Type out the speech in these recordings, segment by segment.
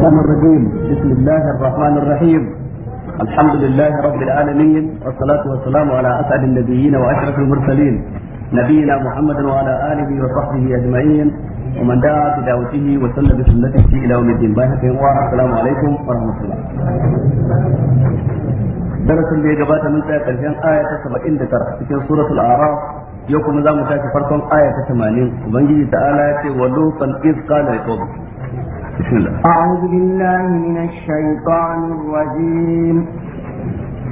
الشيطان الرجيم بسم الله الرحمن الرحيم الحمد لله رب العالمين والصلاة والسلام على أسعد النبيين وأشرف المرسلين نبينا محمد وعلى آله وصحبه أجمعين ومن دعا بدعوته وسلم بسنته إلى يوم الدين باهك السلام عليكم ورحمة الله درس اللي ya من mun tsaya karshen aya سورة الأعراف cikin suratul a'raf yau آية za mu tashi farkon aya ta 80 ubangiji ta'ala ya ce بسم الله أعوذ بالله من الشيطان الرجيم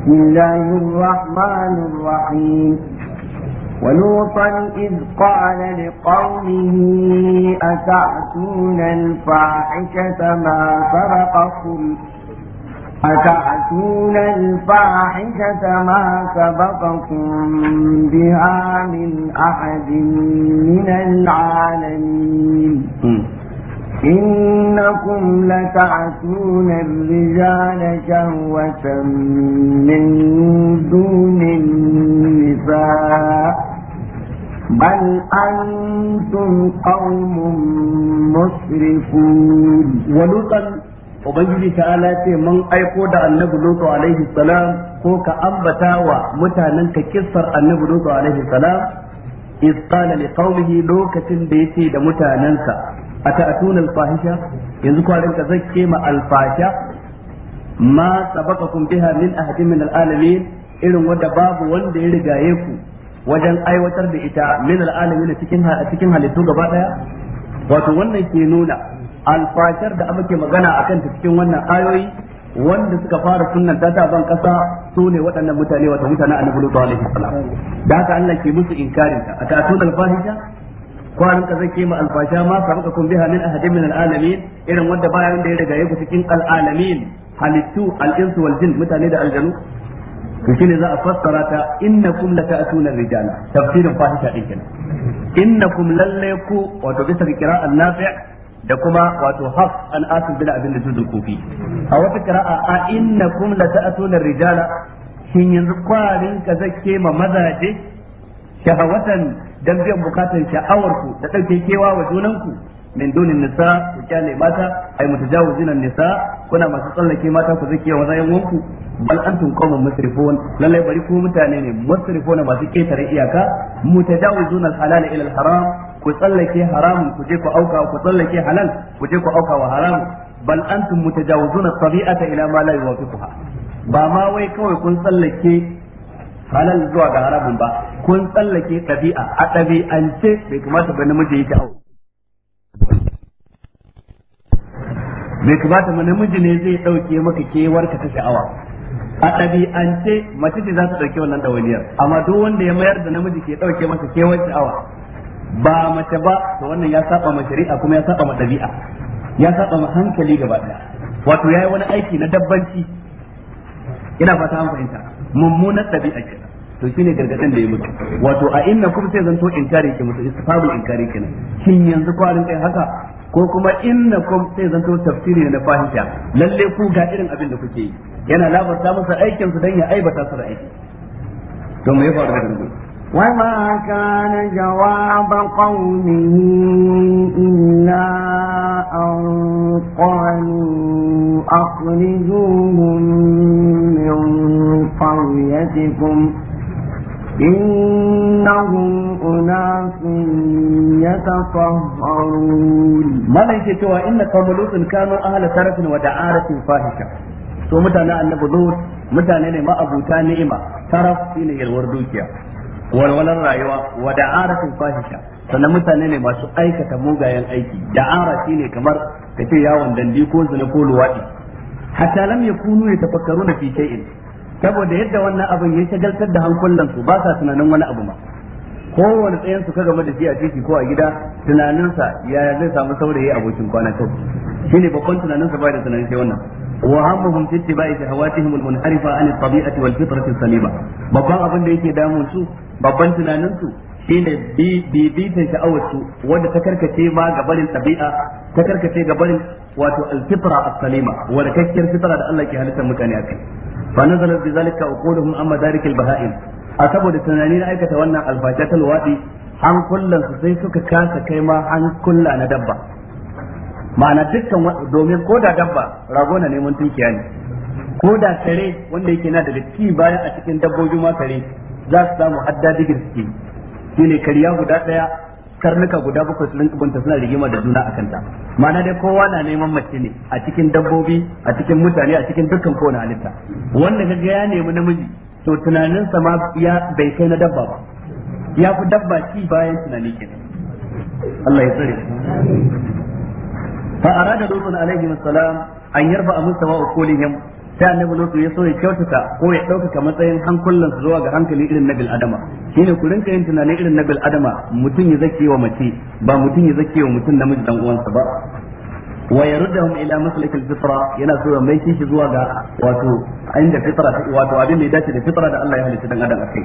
بسم الله الرحمن الرحيم ولوطا إذ قال لقومه أتأتون الفاحشة ما سبقكم أتعتون الفاحشة ما سبقكم بها من أحد من العالمين إنكم لتعتون الرجال شهوة من دون النساء بل أنتم قوم مسرفون ولوطا Ubangiji ta'ala ce mun aiko da annabi Lutu alaihi salam ko ka ambata wa mutanen ka kissar annabi alaihi salam iz qala lokacin da yace da mutanenka. أتأتون الفاحشة ينزكوا عليك زكي مع الفاحشة ما سبقكم بها من أحد من العالمين إن ودباب وند يرجعيكم wajen aiwatar da ita min al'alamin cikin cikin halittu gaba daya wato wannan ke nuna alfashar da muke magana akan ta cikin wannan ayoyi wanda suka fara sunan ta ta ban kasa su ne waɗannan mutane wato mutanen annabi Lutu alaihi salam da haka Allah ke musu inkarin ta aka tun alfahisha kwanan ka zai kema alfasha ma sabaka kun biha min ahadin min alalamin irin wanda bayan da ya riga ku cikin alalamin halittu al'insu insu wal jin mutane da aljanu to shine za a fassara ta innakum lata'tuna rijala tafsirin fahisha din kenan innakum lalle ku wato bisa ga qira'an nafi' da kuma wato haf an asim bila abin da tuzul kufi a wata qira'a a innakum lata'tuna rijala shin yanzu kwarin ka zake ma mazaje shahawatan dan biyan bukatar sha'awar ku da dauke kewa wa junan ku min dunin nisa ku kyale mata ay mutajawizina nisa kuna masu tsallake mata ku zake wa zayan wanku bal antum qaumun musrifun lalle bari ku mutane ne musrifuna masu ketare iyaka mutajawizuna halal ila al-haram ku tsallake haram ku je ku auka ku tsallake halal ku je ku auka wa haram bal antum mutajawizuna tabi'ata ila ma la yuwafiquha ba ma wai kawai kun tsallake halal zuwa ga haramun ba kun tsallake ɗabi'a a ɗabi'ance bai kamata ba namiji yake awo bai kamata ba namiji ne zai ɗauke maka kewar ka ta sha'awa a ɗabi'ance mace ce za ta ɗauke wannan ɗawainiyar amma duk wanda ya mayar da namiji ke ɗauke masa kewar sha'awa ba mace ba to wannan ya saba ma shari'a kuma ya saba ma ɗabi'a ya saba ma hankali gaba ɗaya wato yi wani aiki na dabbanci ina fata an fahimta mummunan ɗabi'a kenan to shine gargadin da ya mutu wato a inna kuma sai zanto inkari ke musu istifamul inkari kenan shin yanzu kwarin kai haka ko kuma inna kuma sai zanto tafsiri na fahimta lalle ku ga irin abin da kuke yi yana labarta masa aikin su dan ya aibata su da aiki to me ya faru da dangoyi وما كان جواب قومه إلا أن قالوا أخرجوهم من قريتكم إنهم أناس يتطهرون ما ليس سوى إن قوم لوط كانوا أهل سرف ودعارة فاحشة سو متى أن لوط mutane ne ma'abuta ni'ima سرف shine yalwar dukiya walwalar rayuwa wa da'aratin fahisha sannan mutane ne masu aikata mugayen aiki da'ara shine kamar kace yawon dandi ko zina ko luwadi hatta lam yakunu yatafakkaruna fi shay'in saboda yadda wannan abin ya shagaltar da hankulan ba sa tunanin wani abu ma kowane tsayen su ka game da shi a titi ko a gida tunaninsa ya zai samu saurayi abokin kwana kai shine babban tunaninsa ba da tunanin sai wannan wa hammuhum fi ittiba'i shahawatihim al-munharifa an at-tabi'ati wal fitrati salima babban abin da yake damun su babban tunanin su shine bibitan sha'awar su wanda ta karkace ma ga barin tabi'a ta karkace ga barin wato al-fitra as-salima da fitra da Allah ke halittar mutane a kai fa nazala bi zalika uquluhum amma darik baha'im a saboda tunani na aikata wannan alfasha ta an kullan su sai suka kasa kai ma an kulla na dabba ma'ana dukkan domin ko da dabba rago na neman tunkiya ne ko da kare wanda yake na da datti bayan a cikin dabbobi ma kare za su samu hadda digir suke shine kariya guda daya karnuka guda bakwai sun kubanta suna rigima da juna a kanta ma'ana dai kowa na neman mace ne a cikin dabbobi a cikin mutane a cikin dukkan kowane halitta wanda kaga ya nemi namiji to tunaninsa ma ya bai kai na dabba ba ya fi dabba ci bayan tunani kenan Allah ya tsare fa arada lutun alaihi salam an yarba amsa wa ukulihim sai annabi lutu ya so ya kyautata ko ya ɗaukaka matsayin hankulan su zuwa ga hankali irin na bil adama shine ku rinka yin tunanin irin na bil adama mutum ya zake wa mace ba mutum ya zake wa mutum namiji dan uwansa ba wa ya yaruddahum ila maslak al fitra yana so ya mai shi zuwa ga wato inda fitra wato abin da ya dace da fitra da Allah ya halitta dan adam akai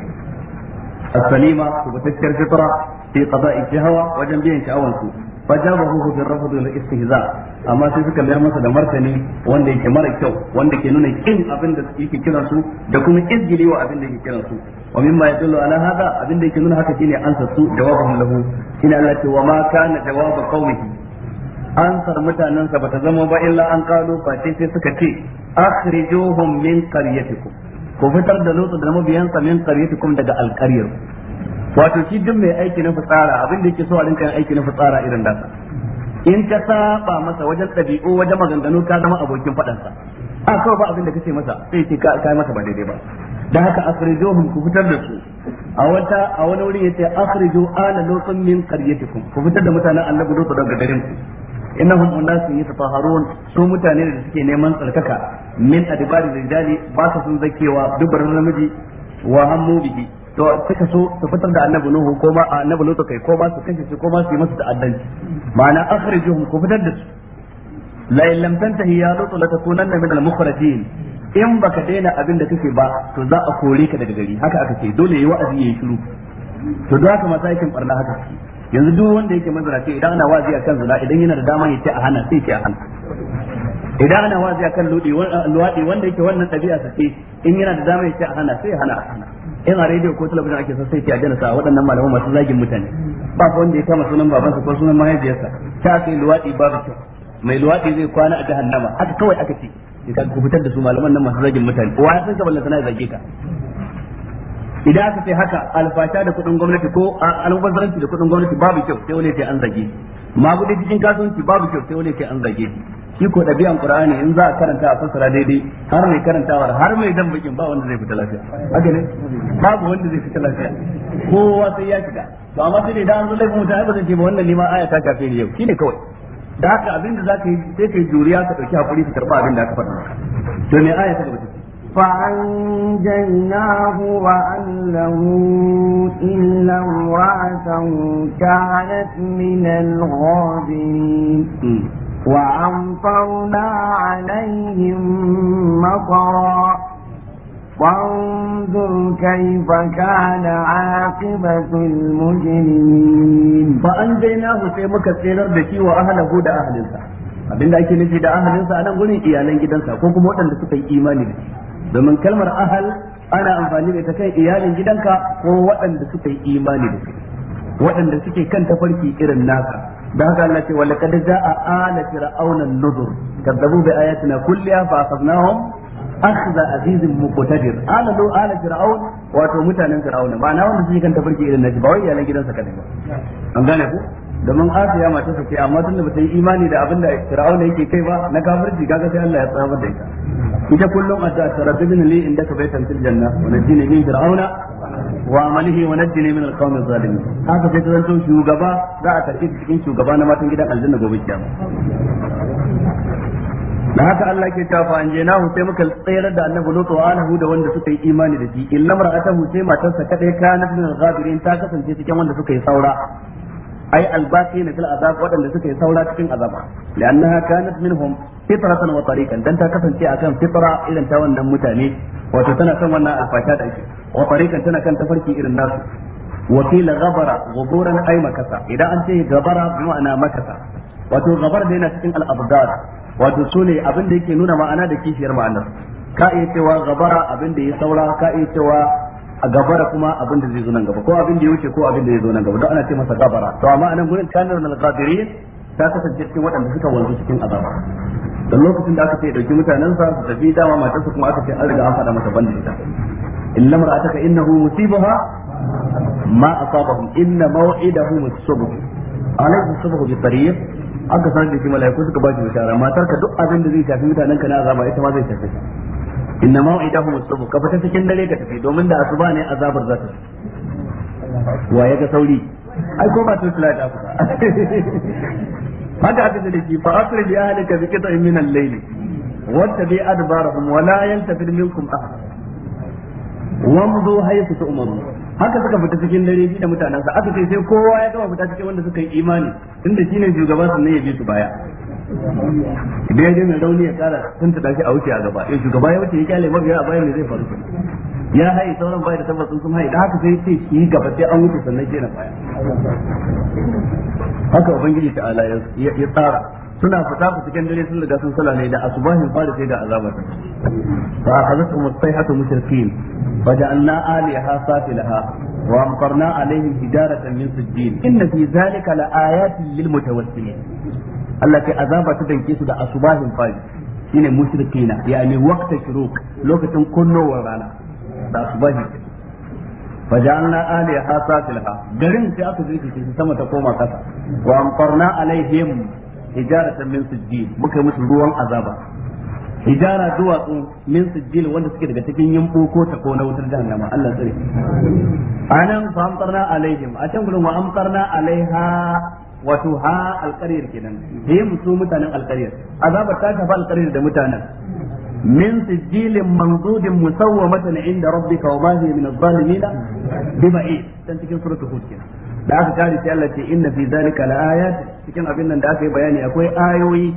as-salima tubatakkar fitra fi qada'i shahwa wajen biyan sha'awansu fajabahu bi rafd al istihza amma sai suka mayar masa da martani wanda yake mara kyau wanda ke nuna kin abin da yake kiran su da kuma izgili wa abin da yake kiran su wa mimma yadullu ala hada abin da yake nuna haka shine an su jawabuhum lahu shine Allah ce wa ma kana jawabu qaumihi Ansar sar mutanen sa bata zama ba illa an kalu fati sai suka ce akhrijuhum min qaryatikum ku fitar da lutsu da mabiyansa min qaryatikum daga alqaryar wato shi duk mai aiki na fitsara abin da yake so a rinka aiki na fitsara irin da in ka saba masa wajen ɗabi'u wajen maganganu ka zama abokin faɗansa a kawai ba abin da kace masa sai ce ka kai masa ba daidai ba da haka akhrijuhum ku fitar da su a wata a wani wuri yace akhriju ala lutum min qaryatikum ku fitar da mutanen annabi lutun daga garin ku innahum unasun yatafaharun su mutane da suke neman tsarkaka min adibari rijali ba su sun zakewa dubarin namiji wa hammu bihi to suka so su fitar da annabi nuhu ko ma annabi lutu kai ko ma su kashe su ko ma su yi masa ta'addanci ma'ana akhrijuhum ku fitar da su la in lam tantahi ya lutu la min al mukhrajin in baka daina abin da kake ba to za a kore ka daga gari haka aka ce dole yi wa'azi yayi shiru to da haka masu aikin barna haka yanzu duk wanda yake mazarafi idan ana wazi akan zina idan yana da dama ya ce a hana sai ke a hana idan ana wazi akan luwaɗi wanda yake wannan ɗabi'a sa ce in yana da dama ya ce a hana sai hana a hana in a rediyo ko talabijin ake sassai sai ki ajana sa waɗannan malaman masu zagin mutane ba fa wanda ya kama sunan babansa ko sunan mahaifiyarsa ta kai luwaɗi babu kyau mai luwaɗi zai kwana a jahannama haka kawai aka ce ka ku fitar da su malaman nan masu zagin mutane wa san ka ballanta na zage ka idan aka ce haka alfata da kuɗin gwamnati ko almubazzaranci da kuɗin gwamnati babu kyau sai wani sai an zage magudi cikin kasuwanci babu kyau sai wani sai an zage shi ko ɗabi'an qur'ani in za a karanta a fassara daidai har mai karantawar har mai dan bakin ba wanda zai fita lafiya haka ne babu wanda zai fita lafiya kowa sai ya shiga to amma sai dai da an zo laifin mutane ba zai ce ba wannan nima aya ta kafe ni yau shine kawai da haka abin da zaka yi sai kai juriya ka dauki hakuri ka karba abin da aka faɗa to me aya ta gaba ta فأنجيناه وأهله إلا امرأته كانت من الغابرين وأمطرنا عليهم مطرا فانظر كيف كان عاقبة المجرمين فأنجيناه سيما كثيرا بكي وأهله دا أهل abin da ake nufi da ahalinsa a nan gurin iyalan gidansa ko kuma waɗanda suka yi imani da shi domin kalmar ahal ana amfani da ita kai iyalin gidanka ko waɗanda suka yi imani da shi waɗanda suke kan tafarki irin naka da haka Allah ce wala kad a ala fir'auna nuzur kadzabu bi ayatina kulliha fa akhadnahum akhza azizin muqtadir ala do ala fir'aun wato mutanen fir'auna ba na wanda suke kan tafarki irin naji ba wai iyalan gidansa kadai ba an gane ku domin asiya mata su ce amma tunda bata yi imani da abin da fir'auna yake kai ba na kafirci kaga sai Allah ya tsamar da ita ita kullum a ta rabbina li ka baitan fil janna wa najini min fir'auna wa amalihi wa najini min al-qawmi haka sai ta shugaba za a tarki cikin shugaba na matan gidan aljanna gobe kiyama da haka Allah ke ta fa anjaynahu sai muka tsayar da annabi lutu wa alahu da wanda suka yi imani da shi illa atahu sai matarsa kadai kana min al-ghabirin ta kasance cikin wanda suka yi saura ai albaqi na fil azab wadanda suka yi saura cikin azaba li'annaha kanat minhum fitratan wa tariqan dan ta kasance akan fitra irin ta wannan mutane wato tana kan wannan alfasha da ake wa tana kan tafarki irin nasu wa qila ghabara ghuburan makasa idan an ce ghabara bi ma'ana makasa wato gabar da yana cikin al-abdar wato sune abin da yake nuna ma'ana da kishiyar ma'anar ka iya cewa ghabara abin da ya saura ka a gabara kuma abin da zai zo nan gaba ko abin da ya wuce ko abin da ya zo nan gaba don ana ce masa gabara to amma anan gurin kanar na gabirin ta kasance cikin waɗanda suka wanzu cikin azaba da lokacin da aka ce dauki mutanensa su tafi dama matarsa kuma aka ce an riga an faɗa masa ban da ita illa mar'ataka innahu musibaha ma asabahum inna maw'idahum as-subh alayhi as-subh bi tariq aka sanar da shi malaiku suka ba shi bishara ka duk abin da zai shafi mutanen ka na azaba ita ma zai shafi inna maw'idahum as-subh ka fita cikin dare ka tafi domin da asuba ne azabar za ta wa ya ga sauri ai ko ba tusla da ku haka aka da ki fa asri bi ahlika bi qita'in min al-layl wattabi adbarahum wa la yantafid minkum ahad wamdu haythu tu'maru haka suka fita cikin dare bi da mutanansa aka ce sai kowa ya gama fita cikin wanda suka yi imani tunda shine shugaba sannan ya bi su baya idan ya je mai rauni ya kara sun ta shi a wuce a gaba ya eh, shugaba ya wuce ya kyale mabiya a bayan ne zai faru ya haye sauran baya da tabbacin sun haye da haka sai ce shi gaba sai an wuce sannan ke na baya haka ubangiji ta ala ya tsara suna fita ku cikin dare sun riga sun sala ne da asubahin fara sai ga azaba ta fa hazatu mustayhatu mushrikin fa ja'alna aliha safilaha wa amtarna alaihim hijaratan min sijjin inna fi zalika la ayatin lil mutawassilin Allah ce azaba ta danke su da asubahin fari shine mushrikina yani waqta shuruq lokacin kunnowar rana da asubahi faja'alna aliya hasatilha garin sai aka zuke shi sama ta koma kasa wa amtarna alaihim hijaratan min sijjil muka musu ruwan azaba hijara duwatsu min sijjil wanda suke daga cikin yimbo ko ta ko na wutar jahannama Allah tsare anan fa amtarna alaihim a can gurin wa amtarna alaiha wato ha alƙaryar kenan da ya mutu mutanen alƙaryar azabar ta shafa alƙaryar da mutanen min sijilin manzudin musawwamatan inda ka wa ma hiya min adh-dhalimin biba'i dan cikin suratul hud kenan da aka kare sai Allah ce inna fi zalika laayat cikin abin nan da aka yi bayani akwai ayoyi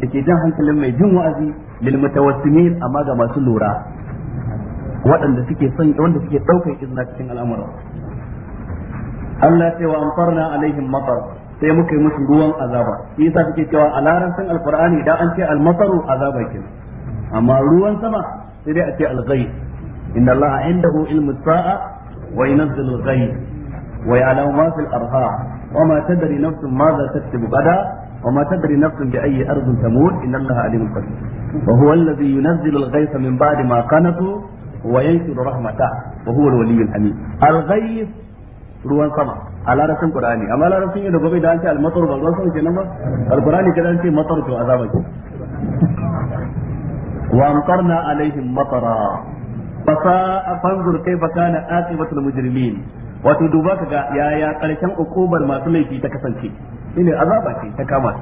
da ke jan hankalin mai jin wa'azi lil mutawassimin amma ga masu lura waɗanda suke son wanda suke ɗaukar izina cikin al'amuran Allah ce wa amfarna alaihim matar sai muka yi musu ruwan azaba shi yasa suke cewa a larabcin alqur'ani da an ce masaru azaba ke. amma ruwan sama sai dai a ce alghayb inna allaha indahu ilmu sa'a wa yunzilu alghayb wa ya'lamu ma fil arham wa ma tadri nafsun madha taktubu gada wa ma tadri nafsun bi ayyi ardin tamut inna allaha alimun qadir wa huwa alladhi yunzilu alghaytha min ba'di ma qanatu wa yanshuru rahmatah wa huwa alwaliyyul hamid alghayb ruwan sama a larabcin qur'ani amma larabcin yau da gobe da an ce almatar matar ba ruwan sama kenan ba al-qur'ani kenan ce matar to azaba ce wa amtarna alaihim matara fasa fanzur kaifa kana aqibatul mujrimin wato duba kaga yaya karshen ukubar masu laifi ta kasance shine azaba ce ta kama su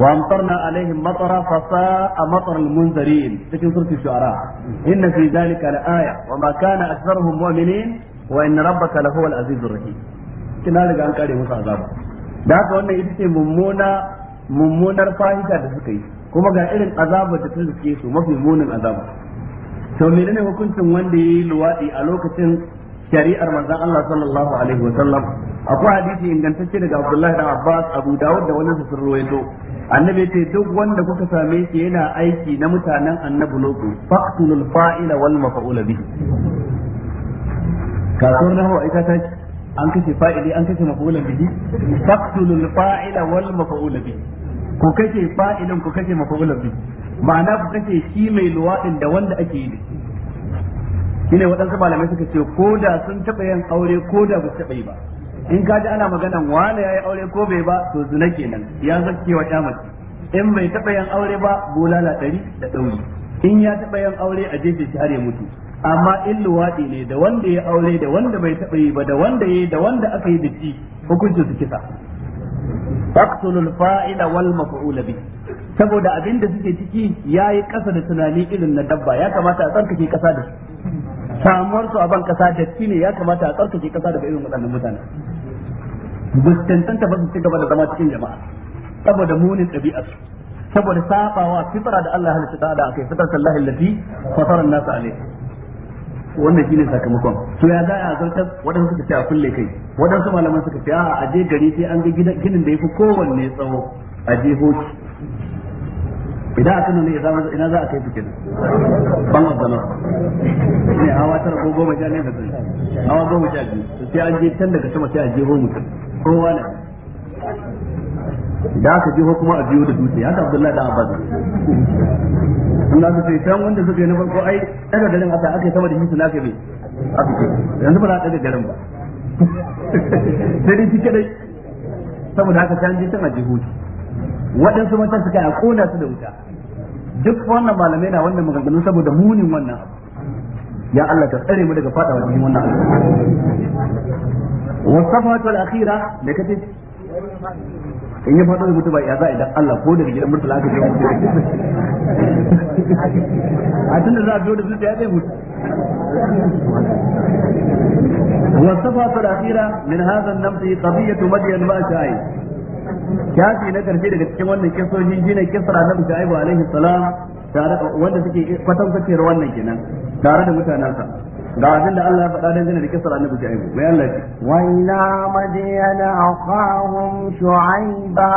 وأمطرنا عليهم مطرا فساء مطر المنذرين تكن سورة الشعراء إن في ذلك لآية وما كان أكثرهم مؤمنين وإن ربك لهو العزيز الرحيم kina daga an kare musu azaba da haka wannan ita ce mummuna mummunar fahita da suka yi kuma ga irin azabar da ta suke su mafi munin azaba to menene hukuncin wanda yayi luwaɗi a lokacin shari'ar manzon Allah sallallahu alaihi wa sallam akwai hadisi ingantacce daga Abdullahi Abbas Abu Dawud da wani sun annabi ce duk wanda kuka same shi yana aiki na mutanen annabi lokacin faqtulul fa'ila wal mafa'ula bihi kasuwar nahwa ita ta an kashe fa'ili an kashe mafa'ula bihi faqtulul fa'ila wal mafa'ula bihi ku kashe fa'ilin ku kashe mafa'ula bihi ma'ana ku kashe shi mai luwaɗin da wanda ake yi shine waɗansu malamai suka ce ko da sun taɓa yin aure ko da ba su taɓa yi ba in ka ji ana maganan wane ya yi aure ko bai ba to zina kenan ya zakke wa ya mace in bai taɓa yin aure ba bulala ɗari da ɗauri in ya taɓa yin aure a jefe shi har ya mutu amma in luwaɗi ne da wanda ya aure da wanda bai taɓa yi ba da wanda ya da wanda aka yi da shi hukuncin su kisa faqtulul fa'ila wal maf'ul bi saboda abinda suke ciki yayi kasa da tunani irin na dabba ya kamata a tsarkake kasa da su samuwar su a ban kasa datti ne ya kamata a tsarkake kasa daga irin waɗannan mutanen ba su ba su ci gaba da zama cikin jama'a saboda munin ɗabi'ar saboda sabawa fitara da Allah halitta ta da akai fitar sallahi lati fasara nasu alaihi wannan shine sakamakon to ya za a zartar waɗansu suka ce a kulle kai waɗansu malaman suka ce a je gari sai an ga ginin da yafi kowanne tsawo a je hoci idan a kano ya zama ina za a kai fikin ban ne hawa tara ko goma sha ne da sun hawa goma sha biyu sai an je can daga sama sai a jeho mutum kowa na da aka jeho kuma a biyo da dutse haka abdullahi da abbas sun za su sai can wanda suka yi na farko ai daga garin asa aka yi sama da hisu na kabe yanzu ba za a daga garin ba sai dai saboda haka je can a waɗansu matan suka a kona su da wuta duk wannan malamai na wannan maganganun saboda munin wannan ya Allah ka tsare mu daga fadawa cikin wannan abu wasafatu al-akhira da kace in ya faɗo da mutu ba ya za a idan Allah ko daga gidan murtala aka je mutu a tunda za a biyo da zuciya zai mutu wasafatu al-akhira min hadha an-nafsi qadiyatu madyan ma sha'i shafi na karshe daga cikin wannan kisoshi kisra na annabi shaibu alaihi salam tare wanda suke kwatan kwacewar wannan kenan tare da mutanansa ga abin da Allah ya faɗa dangane da kisar annabi shaibu mai Allah ce wa ila madiyana aqahum shu'aiba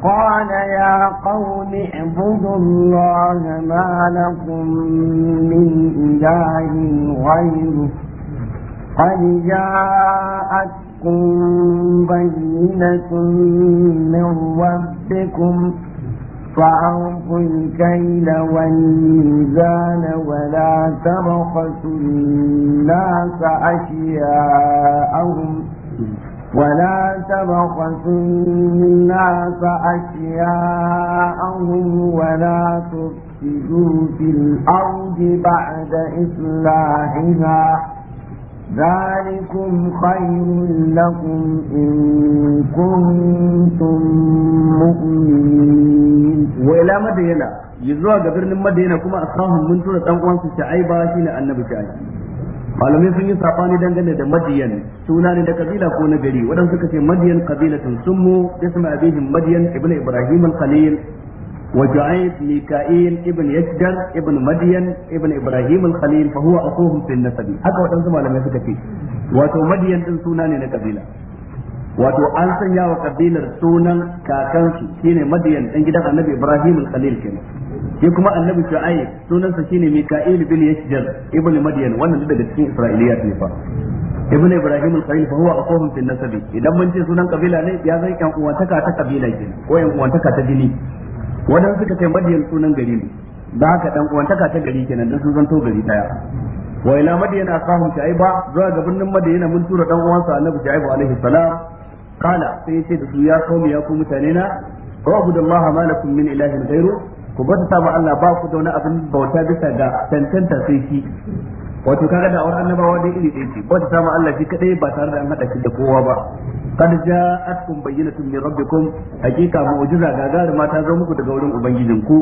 قال يا قوم اعبدوا الله ما لكم من إله غيره قد جاءت حق بينة من ربكم فأوفوا الكيل والميزان ولا تبخسوا الناس أشياءهم ولا تبخسوا الناس أشياءهم ولا تفسدوا في الأرض بعد إصلاحها ذلكم خير لكم إن كنتم مؤمنين وإلى مدينة يزوى قبرنا مدينة كما أخاهم من سورة أنقوان سعيبا شين النبي شعيب malamai sun yi sabani dangane da madiyan suna ne da kabila ko na gari waɗansu suka ce madiyan kabilatun summu isma abihim madiyan ibnu ibrahim khalil وجعيد ميكائيل ابن يشجر ابن مدين ابن ابراهيم الخليل فهو اخوهم في النسب haka wadansu malamai suka ce wato madiyan din suna ne na kabila wato an sanya wa kabilar sunan kakansu shine madiyan din gidan annabi ibrahim khalil kenan shi kuma annabi shu'aib sunansa shine mika'il bin yashjar ibn madiyan wannan daga cikin isra'iliyat ne fa ibn ibrahim khalil fa huwa aquhum fi nasabi idan mun ce sunan kabila ne ya zai yan uwantaka ta kabila kenan ko yan uwantaka ta jini wadanda suka kai madiyan sunan gari ne da haka dan uwantaka ta gari kenan dan sun zanto gari daya wa ila madiyan aqahum shaiba zuwa ga birnin madiyana mun tura dan uwansa annabi shaiba alaihi salam kala sai yace da su ya kaumi ya ku mutane na ubudullaha ma lakum min ilahin ghairu ku bata ba Allah ba ku da wani abin bauta bisa ga tantanta sai shi wato kaga da awar annabawa dai iri ɗaya ce ta sama Allah shi kaɗai ba tare da an hada shi da kowa ba kad ja'atkum bayyinatun min rabbikum hakika mu'jiza gagara ma ta zo muku daga wurin ubangijinku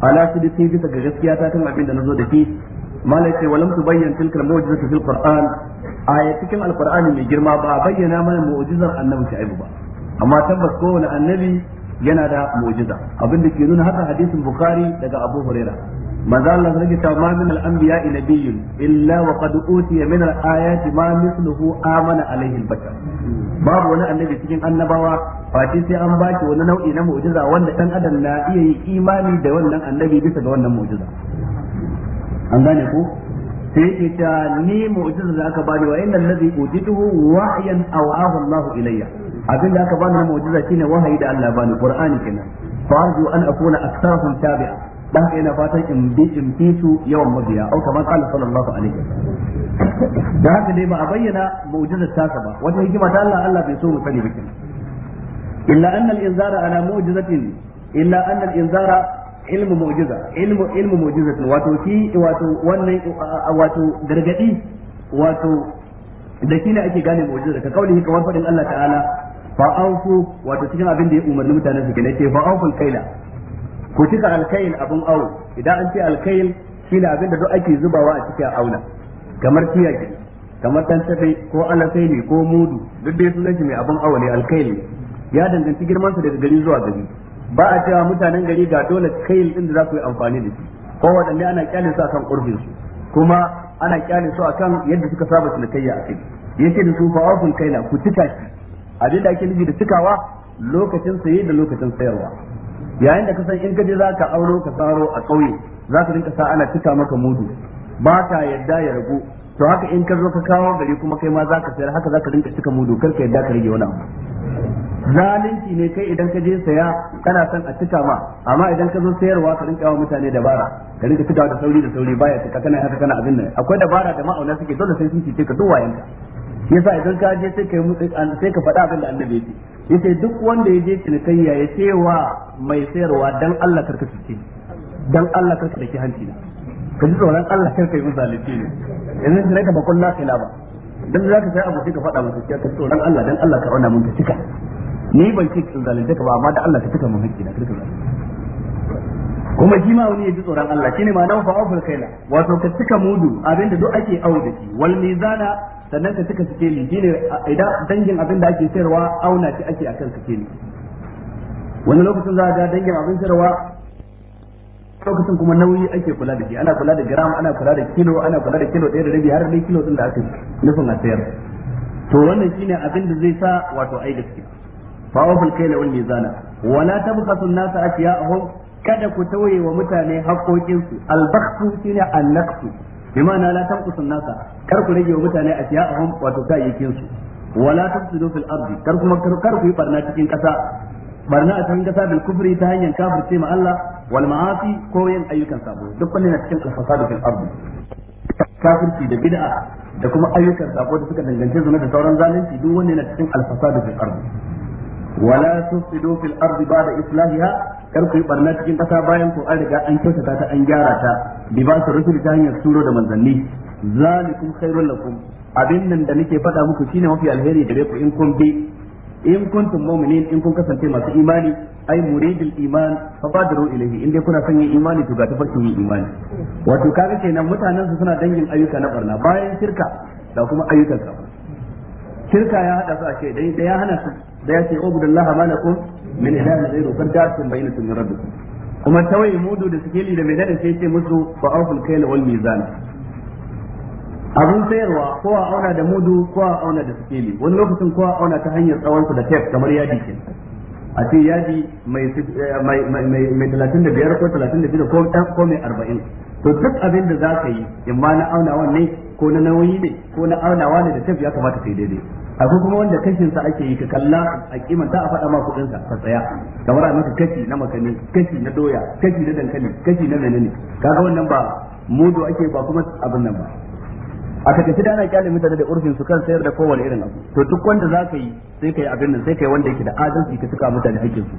ala shi dai bisa ga gaskiya ta kan abin da zo da shi malaka walam tubayyan tilka mu'jizatu fil qur'an aya cikin alqur'ani mai girma ba bayyana mana mu'jizar annabi shaibu ba amma tabbas kowane annabi yana da mu'jiza abin da ke nuna haka hadisin bukhari daga abu hurairah Maza Allah zai ta ma min al-anbiya nabiyyun illa wa qad utiya min al-ayati ma mithluhu amana alaihi al-bashar babu wani annabi cikin annabawa face sai an baki wani nau'i na mu'jiza wanda dan adam na iya yi imani da wannan annabi bisa ga wannan mu'jiza an gane ko sai yake ni mu'jiza da aka bani wa innal ladhi utituhu wahyan awahu Allah ilayya abin da aka wahayi da Allah bani qur'ani kenan fa an tabi'a dan haka yana fatan in bi in fi su yawan mabiya au kamar qala sallallahu alaihi wasallam da haka dai ba a bayyana mu'jizar tasa ba wata hikima ta Allah Allah bai so mu sani bikin illa anna al-inzara ala mu'jizatin illa anna al-inzara ilmu mu'jiza ilmu ilmu mu'jizatin wato shi wato wannan wato gargadi wato da shi ne ake gane mu'jiza ka kauli kamar fadin Allah ta'ala fa'afu wato cikin abin da ya umarni mutanen su kenan ce fa'aful kaila ku cika alkayin abin awo idan an ce alkayin ne abin da duk ake zubawa a cikin auna kamar ke kamar tafe ko ne, ko mudu duk dai sun mai abin awo ne alkayin ya danganci girman sa daga gari zuwa gari ba a cewa mutanen gari ga dole kail din da za ku yi amfani da shi ko waɗanne ana kyale su akan ƙurfin su kuma ana kyale su akan yadda suka saba cinikayya a kai yake da su fa'afun kaina ku cika shi abin da ake nufi da cikawa lokacin saye da lokacin sayarwa yayin da ka san in ka je zaka auro ka tsaro a ƙauye zaka rinka sa ana cika maka mudu ba ka yadda ya ragu to haka in ka zo ka kawo gari kuma kai ma zaka sayar haka zaka rinka cika mudu kar ka yadda ka rage wani abu zalunci ne kai idan ka je saya kana son a cika ma amma idan ka zo sayarwa ka rinka yawa mutane dabara ka rinka cikawa da sauri da sauri baya cika kana haka kana abin nan akwai dabara da ma'auna suke dole sai sun cike ka duk wayanka yasa idan ka je sai kai sai ka faɗa abin da annabi yake yace duk wanda ya je cinikayya ya ce wa mai sayarwa dan Allah karka cuce dan Allah karka dake hanci na ka ji tsoron Allah karka yi zalunci ne yanzu sai ka bakon lafiya na ba dan za ka sai abu sai ka faɗa musu ka tsoron Allah dan Allah ka rona mun ka cika ni ban ce kin zalunce ka ba amma da Allah ka cika mun hakki na karka kuma shi ma wani ya ji tsoron Allah shine ma nan fa'aful kaina wato ka cika mudu abinda duk ake auda shi wal mizana sannan ka cika sikeli shine idan dangin abinda ake sayarwa auna shi ake akan sikeli wani lokacin za a ga dangin abin sayarwa lokacin kuma nauyi ake kula da shi ana kula da gram ana kula da kilo ana kula da kilo ɗaya da rabi har dai kilo din da aka nufin a sayar to wannan shine abin da zai sa wato ai gaske kaina kaila wal mizana wala tabqasu an-nasa ashya'ahum kada ku tauye wa mutane haƙoƙinsu albaksu shine annaqsu bi ma'ana la tanqusun nasa kar ku rage wa mutane asiya'ahum wato kayayyakin su wala tufsidu fil ardi kar kuma kar ku yi barna cikin ƙasa barna a cikin ƙasa bil kufri ta hanyar kafirce ma Allah wal ma'asi ko yin ayyukan sabo duk wannan na cikin al-fasadu fil ardi kafirci da bid'a da kuma ayyukan sabo da suka dangance zuna da sauran zalunci duk wannan na cikin al-fasadu fil ardi wala tufsidu fil ardi ba'da islahiha kar ku yi barna cikin kasa bayan ku an riga an kyautata ta an gyara ta bi ba su rusul ta hanyar suro da manzanni zalikum khairul lakum abin nan da nake faɗa muku shine mafi alheri da ku in kun bi in kuntum mu'minin in kun kasance masu imani ai muridul iman fa badru ilayhi in dai kuna son yin imani to ga tafarkin yin imani wato kaga kenan mutanen su suna dangin ayyuka na barna bayan shirka da kuma ayyukan sa shirka ya hada su a ce dai ya hana su da ya ce na kun min zai ghayru da ja'akum bayyana sun rabu kuma tawaye mudu da sikeli da menene sai ce musu fa awful kayla wal mizan abun sayarwa ko a auna da mudu ko a auna da sikeli wani lokacin ko a auna ta hanyar tsawon da tef kamar yadi ke a ce yadi eh, mai mai talatin da biyar ko talatin da shida ko ɗan ko mai arba'in to duk abin da za ka yi in ma na auna ne ko na nauyi ne ko na auna ne da tef ya kamata ka yi daidai akwai kuma wanda kashin sa ake yi ka kalla a kimanta a faɗa ma kuɗin sa ka tsaya kamar a maka kashi na makani kashi na doya kashi na dankali kashi na menene kaga wannan ba mudu ake ba kuma abin nan ba a takaice da ana kyale mutane da urfin su kan sayar da kowane irin abu to duk wanda za ka yi sai ka yi abin nan sai ka yi wanda yake da adalci ka cika mutane hakkin su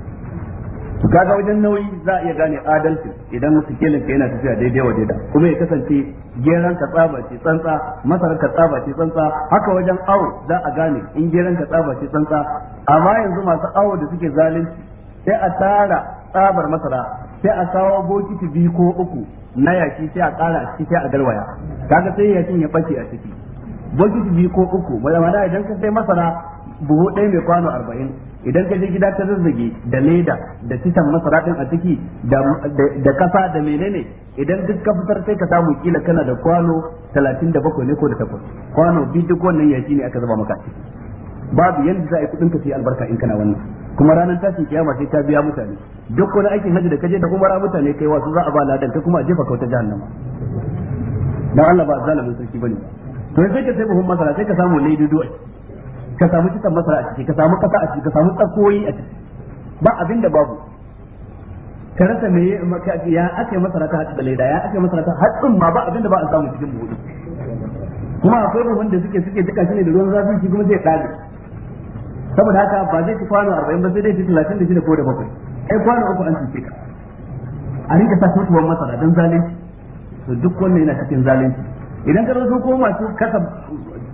kaga wajen nauyi za a iya gane adalci idan sikelin ka yana tafiya daidai wa daidai kuma ya kasance geran ka tsaba ce tsantsa masarar ka tsaba ce tsantsa haka wajen awo za a gane in geran ka tsaba ce tsantsa amma yanzu masu awo da suke zalunci sai a tara tsabar masara sai a kawo bokiti biyu ko uku na yaki sai a kara a ciki sai a garwaya kaga sai yakin ya bace a ciki bokiti biyu ko uku wanda idan ka sai masara buhu ɗaya mai kwano arba'in idan ka je gida ka zazzage da leda da titan masara ɗin a ciki da kasa da menene idan duk ka fitar sai ka samu kila kana da kwano talatin da bakwai ne ko da takwas kwano biyu duk wannan yaki ne aka zuba maka babu yadda za a yi kuɗin ka sai albarka in kana wannan kuma ranar tashin kiyama sai ta biya mutane duk wani aikin hajji da kaje da umara mutane kai wasu za a ba ladan kai kuma a jefa kautar jahannama dan Allah ba zalimin sarki bane to sai ka sai buhun masara sai ka samu laidu duwai ka samu kitan masara a ciki ka samu kasa a ciki ka samu tsakoyi a ciki ba abin da babu ka rasa me ya ake masara ta haɗu da leda ya ake masara ta haɗu ma ba abin da ba a samu cikin buhu kuma akwai buhun da suke suke duka shi ne da ruwan zafin shi kuma zai ƙare saboda haka ba zai ci kwano arba'in ba sai dai ci talatin da shida ko da bakwai ai kwano uku an cuce ka a rinka sa tutuwar masara don zalunci to duk wannan yana cikin zalunci idan ka zo ko masu kasa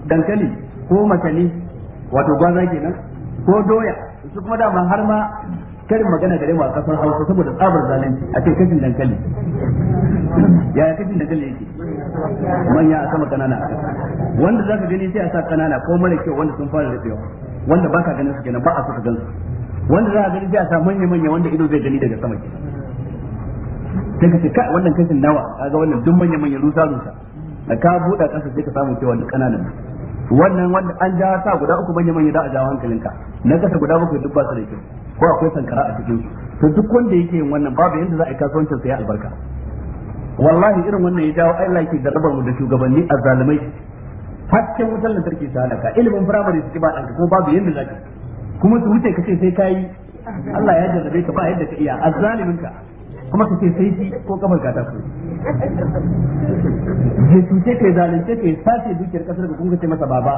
dankali ko makani wato gwanza kenan ko doya su kuma da har ma karin magana gare mu a kasar Hausa saboda tsabar zalunci a kai kashin dankali yaya kashin dankali yake manya a sama kanana wanda zaka gani sai a sa kanana ko mara kyau wanda sun fara rufewa wanda baka ganin su kenan ba a saka gansu wanda za a gani sai a sa manya manya wanda ido zai gani daga sama ke sai ka ce kai wannan kashin nawa kaga wannan duk manya manya rusa rusa da ka buɗa kasa sai ka samu cewa wannan kananan wannan wanda an ja sa guda uku manya manya da a jawo hankalinka na kasa guda bakwai duk ba su da kyau ko akwai sankara a cikin to duk wanda yake yin wannan babu yanda za a yi kasuwancin sa ya albarka wallahi irin wannan ya jawo Allah da rabar mu da shugabanni azzalumai hakken wutar lantarki ta halaka ilimin firamare su ba ɗanka kuma babu yanda za ka kuma su wuce ka ce sai ka yi Allah ya jarrabe ka ba yadda ka iya azzalimin ka kuma su ce sai shi ko kamar ka tafi je ce kai zalunce kai sace dukiyar kasar da kun ce masa baba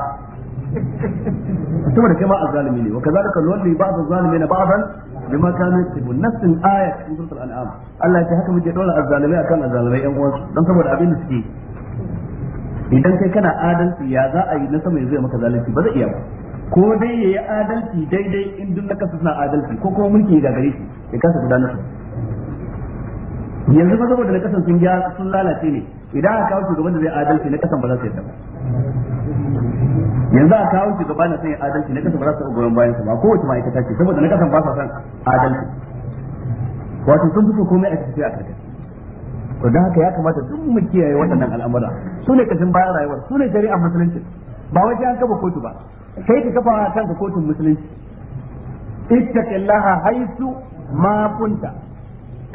mutum da kai ma azzalimi ne wa kazalika lawli ba'd azzalimina ba'dan bima kanu tibu nafsin ayat cikin suratul an'am Allah ya ce haka muke dora azalimi akan azalimi yan uwansu dan saboda abin da suke idan kai kana adalci ya za a yi na sama ya zai maka zalunci ba zai iya ba ko dai yayi adalci daidai in duk na kasu suna adalci ko kuma mulki da gare shi ya kasa gudanar da yanzu ba saboda na kasan sun gyara sun lalace ne idan aka kawo shugaban da zai adalci na kasan ba za su yadda ba yanzu aka kawo shugaban na son adalci na kasan ba za su goyon bayan su ba kowace ma'aikata ce saboda na kasan ba sa son adalci wato sun fi komai a cikin a karkashin to don haka ya kamata duk mu kiyaye waɗannan al'amura su ne kashin bayan rayuwar su ne shari'a musulunci ba wai an kafa kotu ba kai ka kafa kanka kotun musulunci ittaqillaha haythu ma kunta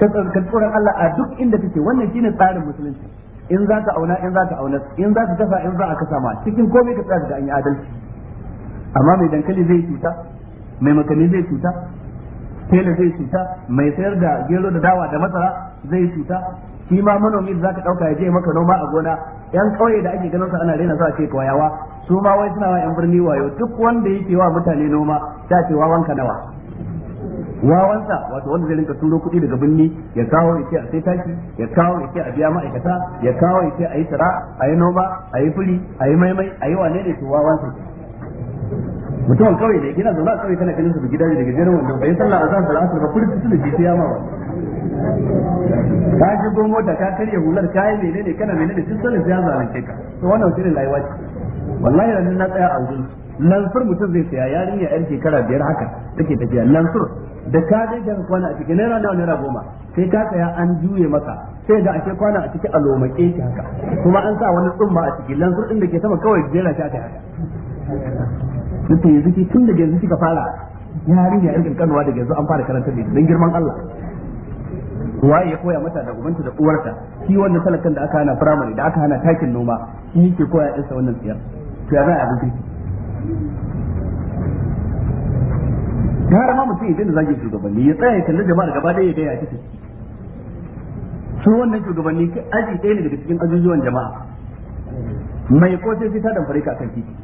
ka tsoron Allah a duk inda kake wannan shine tsarin musulunci in za ka auna in za ka auna in za ka dafa in za a kasa ma cikin komai ka tsaya da an yi adalci amma mai dankali zai cuta mai makami zai cuta tela zai cuta mai sayar da gero da dawa da masara zai cuta shi ma manomi da zaka dauka ya je maka noma a gona yan kauye da ake ganin sa ana rena za a ce kwayawa su ma wai suna wa yan birni wayo duk wanda yake wa mutane noma ta ce wanka nawa wawansa wato wanda zai rinka turo kuɗi daga binni ya kawo ya ce a sai taki ya kawo ya ce a biya ma'aikata ya kawo ya ce a yi tara a yi noma a yi fili a yi maimai a yi wane ne to wawansa mutumin kawai da gina a kawai kana ganin su da gidaje daga jerin wanda bayan sallah a zan salatu ba kullum su da ya ma ka shigo mota ka karya hular kayan menene kana menene sun sanin ya zalunce ka to wannan shirin rayuwa ce wallahi da na tsaya a wurin lansur mutum zai saya yarinya yar shekara biyar haka take tafiya lansur da ka dai daga kwana a cikin naira nawa naira goma sai ka saya an juye maka sai da ake kwana a ciki alomake ki haka kuma an sa wani tsumma a ciki lansur din da ke sama kawai jera shi ta haka duk yanzu ki tun da yanzu kika fara ya yan kankanuwa da yanzu an fara karanta da don girman Allah waye ya koya mata da gumanta da uwarta shi wannan talakan da aka hana firamare da aka hana takin noma shi yake koya ɗinsa wannan tsiyar to ya za a abin gara ma mutum ya daina zagin shugabanni ya tsaya ya kalli jama'ar gaba ɗaya ya ga ya take su wannan shugabanni aji ɗaya ne daga cikin ajujuwan jama'a mai ko sai ta damfare ka kan titi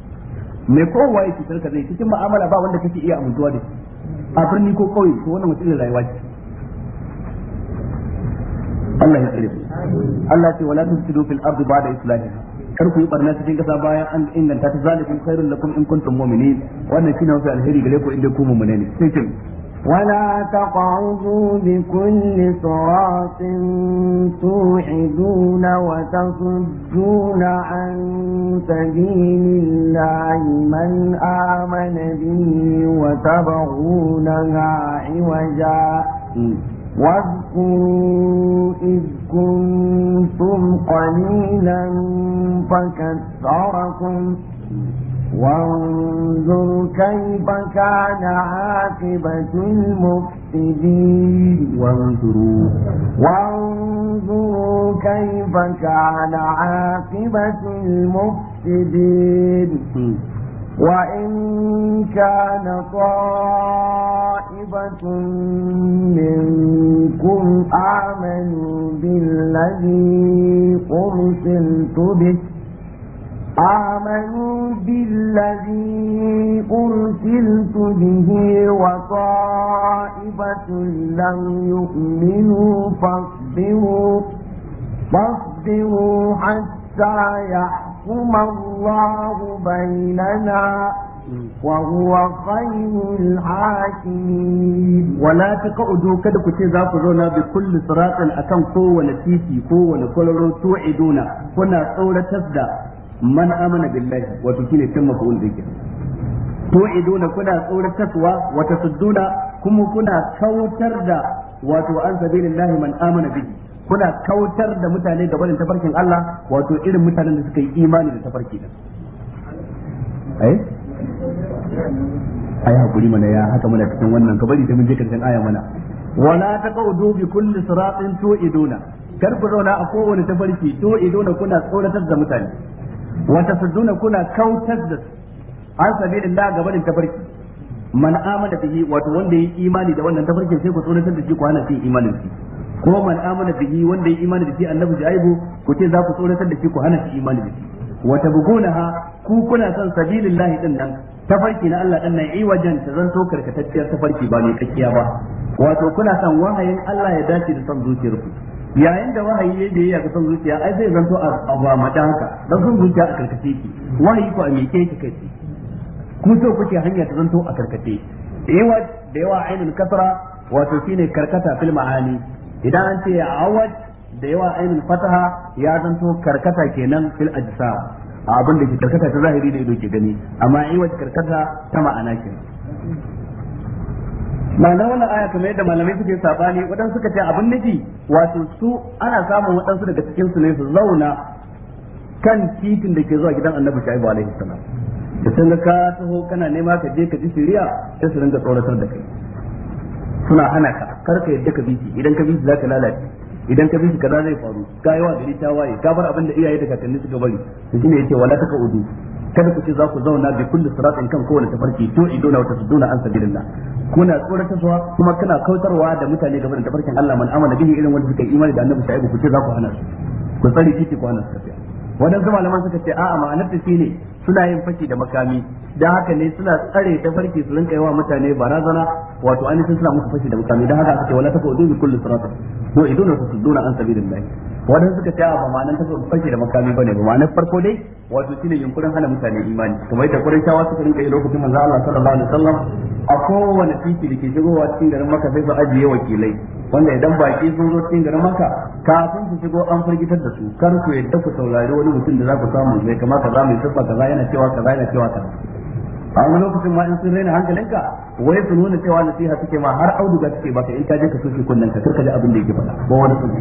mai kowa ya cutar ka zai cikin ma'amala ba wanda kake iya amintuwa da shi a birni ko ƙauye ko wannan mutum rayuwa ce Allah ya tsare Allah ce wala tusidu fil ardi ba'da islahiha kar ku yi barna cikin kasa bayan an inganta ta zalikum khairul lakum in kuntum mu'minin wannan shine wasu alheri gare ku inda ku mu'mine ne sai kin ولا تقعدوا بكل صراط توعدون وتصدون عن سبيل الله من آمن به وتبغونها عوجا واذكروا إذ كنتم قليلا فكثركم وانظروا كيف كان عاقبة المفسدين وانظروا وانظروا كيف كان عاقبة المفسدين وإن كان طائبة منكم آمنوا بالذي أرسلت به آمنوا بالذي أرسلت به وطائبة لم يؤمنوا فاصبروا فاصبروا حتى يحكموا يحكم الله بيننا وهو خير الحاكمين ولا تقعدوا كذا كتي ذاك زونا بكل صراط أكم قوة لتيتي قوة لكل توعدون كنا صورة تبدا من آمن بالله وتكين تم فقول ذكر توعدون كنا صورة تسوى وتصدون كم كنا كوتر دا وتو عن سبيل الله من آمن به kuna kautar da mutane da barin tafarkin Allah wato irin mutanen da suka yi imani da tafarki din ai eh? ai hakuri mana ya haka mana cikin wannan ka bari sai mun je karshen aya mana wala taqudu bi kulli siratin tu'iduna kar ku zauna a kowane tafarki tu'iduna kuna tsoratar da mutane wa tasudduna kuna kautar da an sabilillah ga barin tafarki man amana bihi wato wanda yi imani da wannan tafarkin sai ku tsoratar da shi ku hana shi imanin shi ko man amana bihi wanda ya imani da shi annabi shu'aibu ku ce za ku tsoratar da shi ku hana shi imani da shi wa tabgunaha ku kuna son sabilillahi din nan tafarki na Allah din nan iwajan ta zan so karkatacciyar tafarki ba ne kakkiya ba wato kuna son wahayin Allah ya dace da son zuciyarku yayin da wahayi ya biyayya ga son zuciya ai zai zanto a gwamata haka dan son zuciya a karkace ki wahayi ku a miƙe ki kai ku so kuke hanya ta zanto a karkace da yawa da yawa ainin kasra wato shine karkata fil ma'ani idan an ce awad da yawa ainihin fataha ya zanto karkata kenan fil ajsa abin da ke karkata ta zahiri da ido ke gani amma iwaj karkata ta ma'ana ke ma'anar wannan aya kamar yadda malamai suke sabani waɗansu suka ce abin nufi wato su ana samun waɗansu daga cikin su ne su zauna kan titin da ke zuwa gidan annabi shaibu alaihi salam da sun ga ka taho kana nema ka je ka ji shiriya sai su rinka tsoratar da kai suna hana ka kar ka yadda ka bisi idan ka bisi zaka lalace idan ka bisi kaza zai faru ka yi wa gari ta waye ka bar abin da iyaye da kakanni suka bari to shine yace wala taka udu kada ku ce za ku zauna bi kulli siratin kan kowane tafarki to idona wa tasduna an sabilillah kuna tsoratarwa kuma kana kautarwa da mutane game da tafarkin Allah man amana bihi irin wanda suka imani da Annabi sai ku ce za ku hana su ku tsari titi ku hana su tafiya wadansu malaman suka ce a'a ma'anar ta shine suna yin fashi da makami da haka ne suna tsare ta farki su rinka yawa mutane barazana wato ainihin suna musu fashi da makami da haka aka ce wala taqudu bi kulli siratin wa iduna tusduna an sabilillah wadanda suka ce ba ma'anar ta fashe da makami bane ba ma'anar farko dai wato shine yunkurin hana mutane imani kamar yadda Qurayshawa suka rinka yi lokacin manzo Allah sallallahu alaihi wasallam a kowane titi da ke shigowa cikin garin Makka sai su ajiye wakilai wanda idan baki sun zo cikin garin Makka kafin su shigo an firgitar da su kar ku yadda ku saurari wani mutum da za ku samu mai kama mu yi ka kaza yana cewa kaza yana cewa kaza a wani lokacin ma in sun raina hankalinka wai su nuna cewa nasiha suke ma har auduga suke baka in ka je ka soke kunnen ka karka ji abin da yake faɗa ba wani sun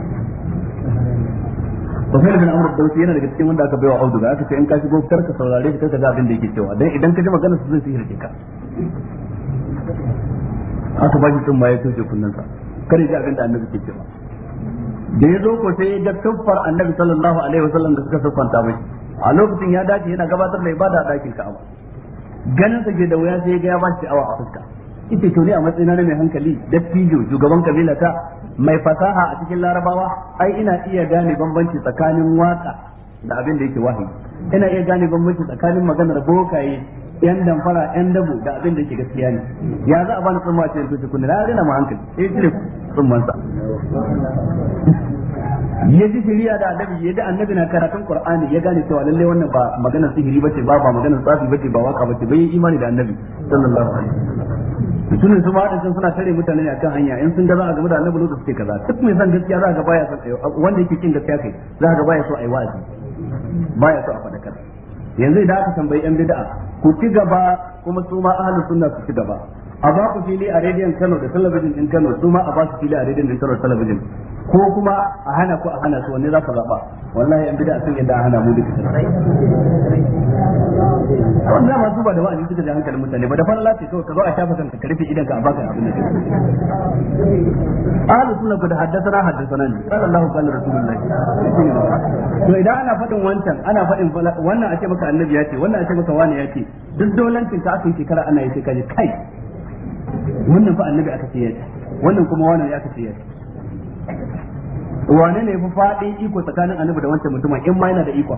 Bafir bin Amr Dausi yana daga cikin wanda aka baiwa ga aka ce in ka shigo kar ka saurare ka ga abin da yake cewa dan idan ka ji magana su zai sihirce ka aka ba shi tsumma ya toshe kunnensa kar ya ji abin da annabi ke cewa da ya zo ko sai ya tuffar annabi sallallahu alaihi wasallam da suka siffanta mai a lokacin ya dace yana gabatar da ibada a dakin Ka'aba ganin sa ke da wuya sai ya ga ya ba shi awa a fuska ita to ne a matsayina na mai hankali dattijo shugaban kabila ta mai fasaha a cikin larabawa ai ina iya gane bambanci tsakanin waka da abin da yake wahayi ina iya gane bambanci tsakanin maganar bokaye yan damfara yan dabo da abin da yake gaskiya ne ya za a bani tsumma ce to kunna na rena mu hankali eh, sai cire tsumman sa ya ji shiriya da annabi ya ji annabi na karatun qur'ani ya gane cewa lalle wannan ba maganar sihiri bace ba ba maganar tsafi bace ba waka bace bai imani da annabi sallallahu alaihi wasallam mutumin su ma sun suna tare mutane ne akan hanya in sun ga za a gaba da annabi Lut suke kaza duk mai san gaskiya za a ga baya son wanda yake cin gaskiya kai za a gaba ya so yi wazi baya so a faɗakar yanzu idan aka tambayi yan bid'a ku ci gaba kuma su ma ahlus sunna su ci gaba a ba ku fili a rediyon Kano da talabijin din Kano su ma a ba su fili a rediyon din Kano da talabijin ko kuma a hana ku a hana su wanne za ka zaba wallahi an bida sun yadda a hana mu duka wannan ma su ba da wa'azi suka ji hankalin mutane ba da fara lati kawai ka zo a shafa kanka karfi idan ka a baka abin da kake ahlus sunna da haddasa na ne sallallahu alaihi rasulullahi to idan ana fadin wancan ana fadin wannan a ce maka annabi ya ce wannan a ce maka wani ya ce duk dolancin ka aka yi shekara ana yi sai ka ji kai wannan fa annabi aka siyar wannan kuma wannan ya aka siyar wane ne fi fadi iko tsakanin annabi da wancan mutumin in ma yana da iko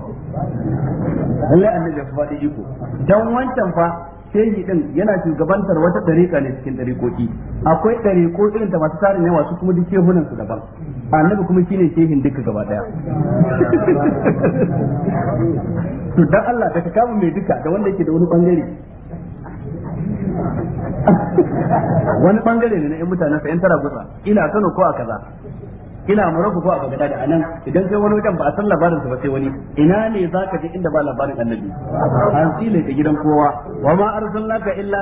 Allah annabi ya fi iko dan wancan fa shehi din yana shugabantar wata dariƙa ne cikin dariƙoƙi akwai dariƙo irin da masu tarin yawa su kuma duke hunan su daban annabi kuma shine shehin duka gaba daya to dan Allah da ka kama mai duka da wanda yake da wani bangare wani bangare ne na yan mutanen sa yan tara gutsa ila Kano ko a kaza ina muraku ko a Baghdad da anan idan sai wani wajen ba a san labarin sa ba sai wani ina ne zaka je inda ba labarin annabi an tsile ka gidan kowa wa ma arsalnaka illa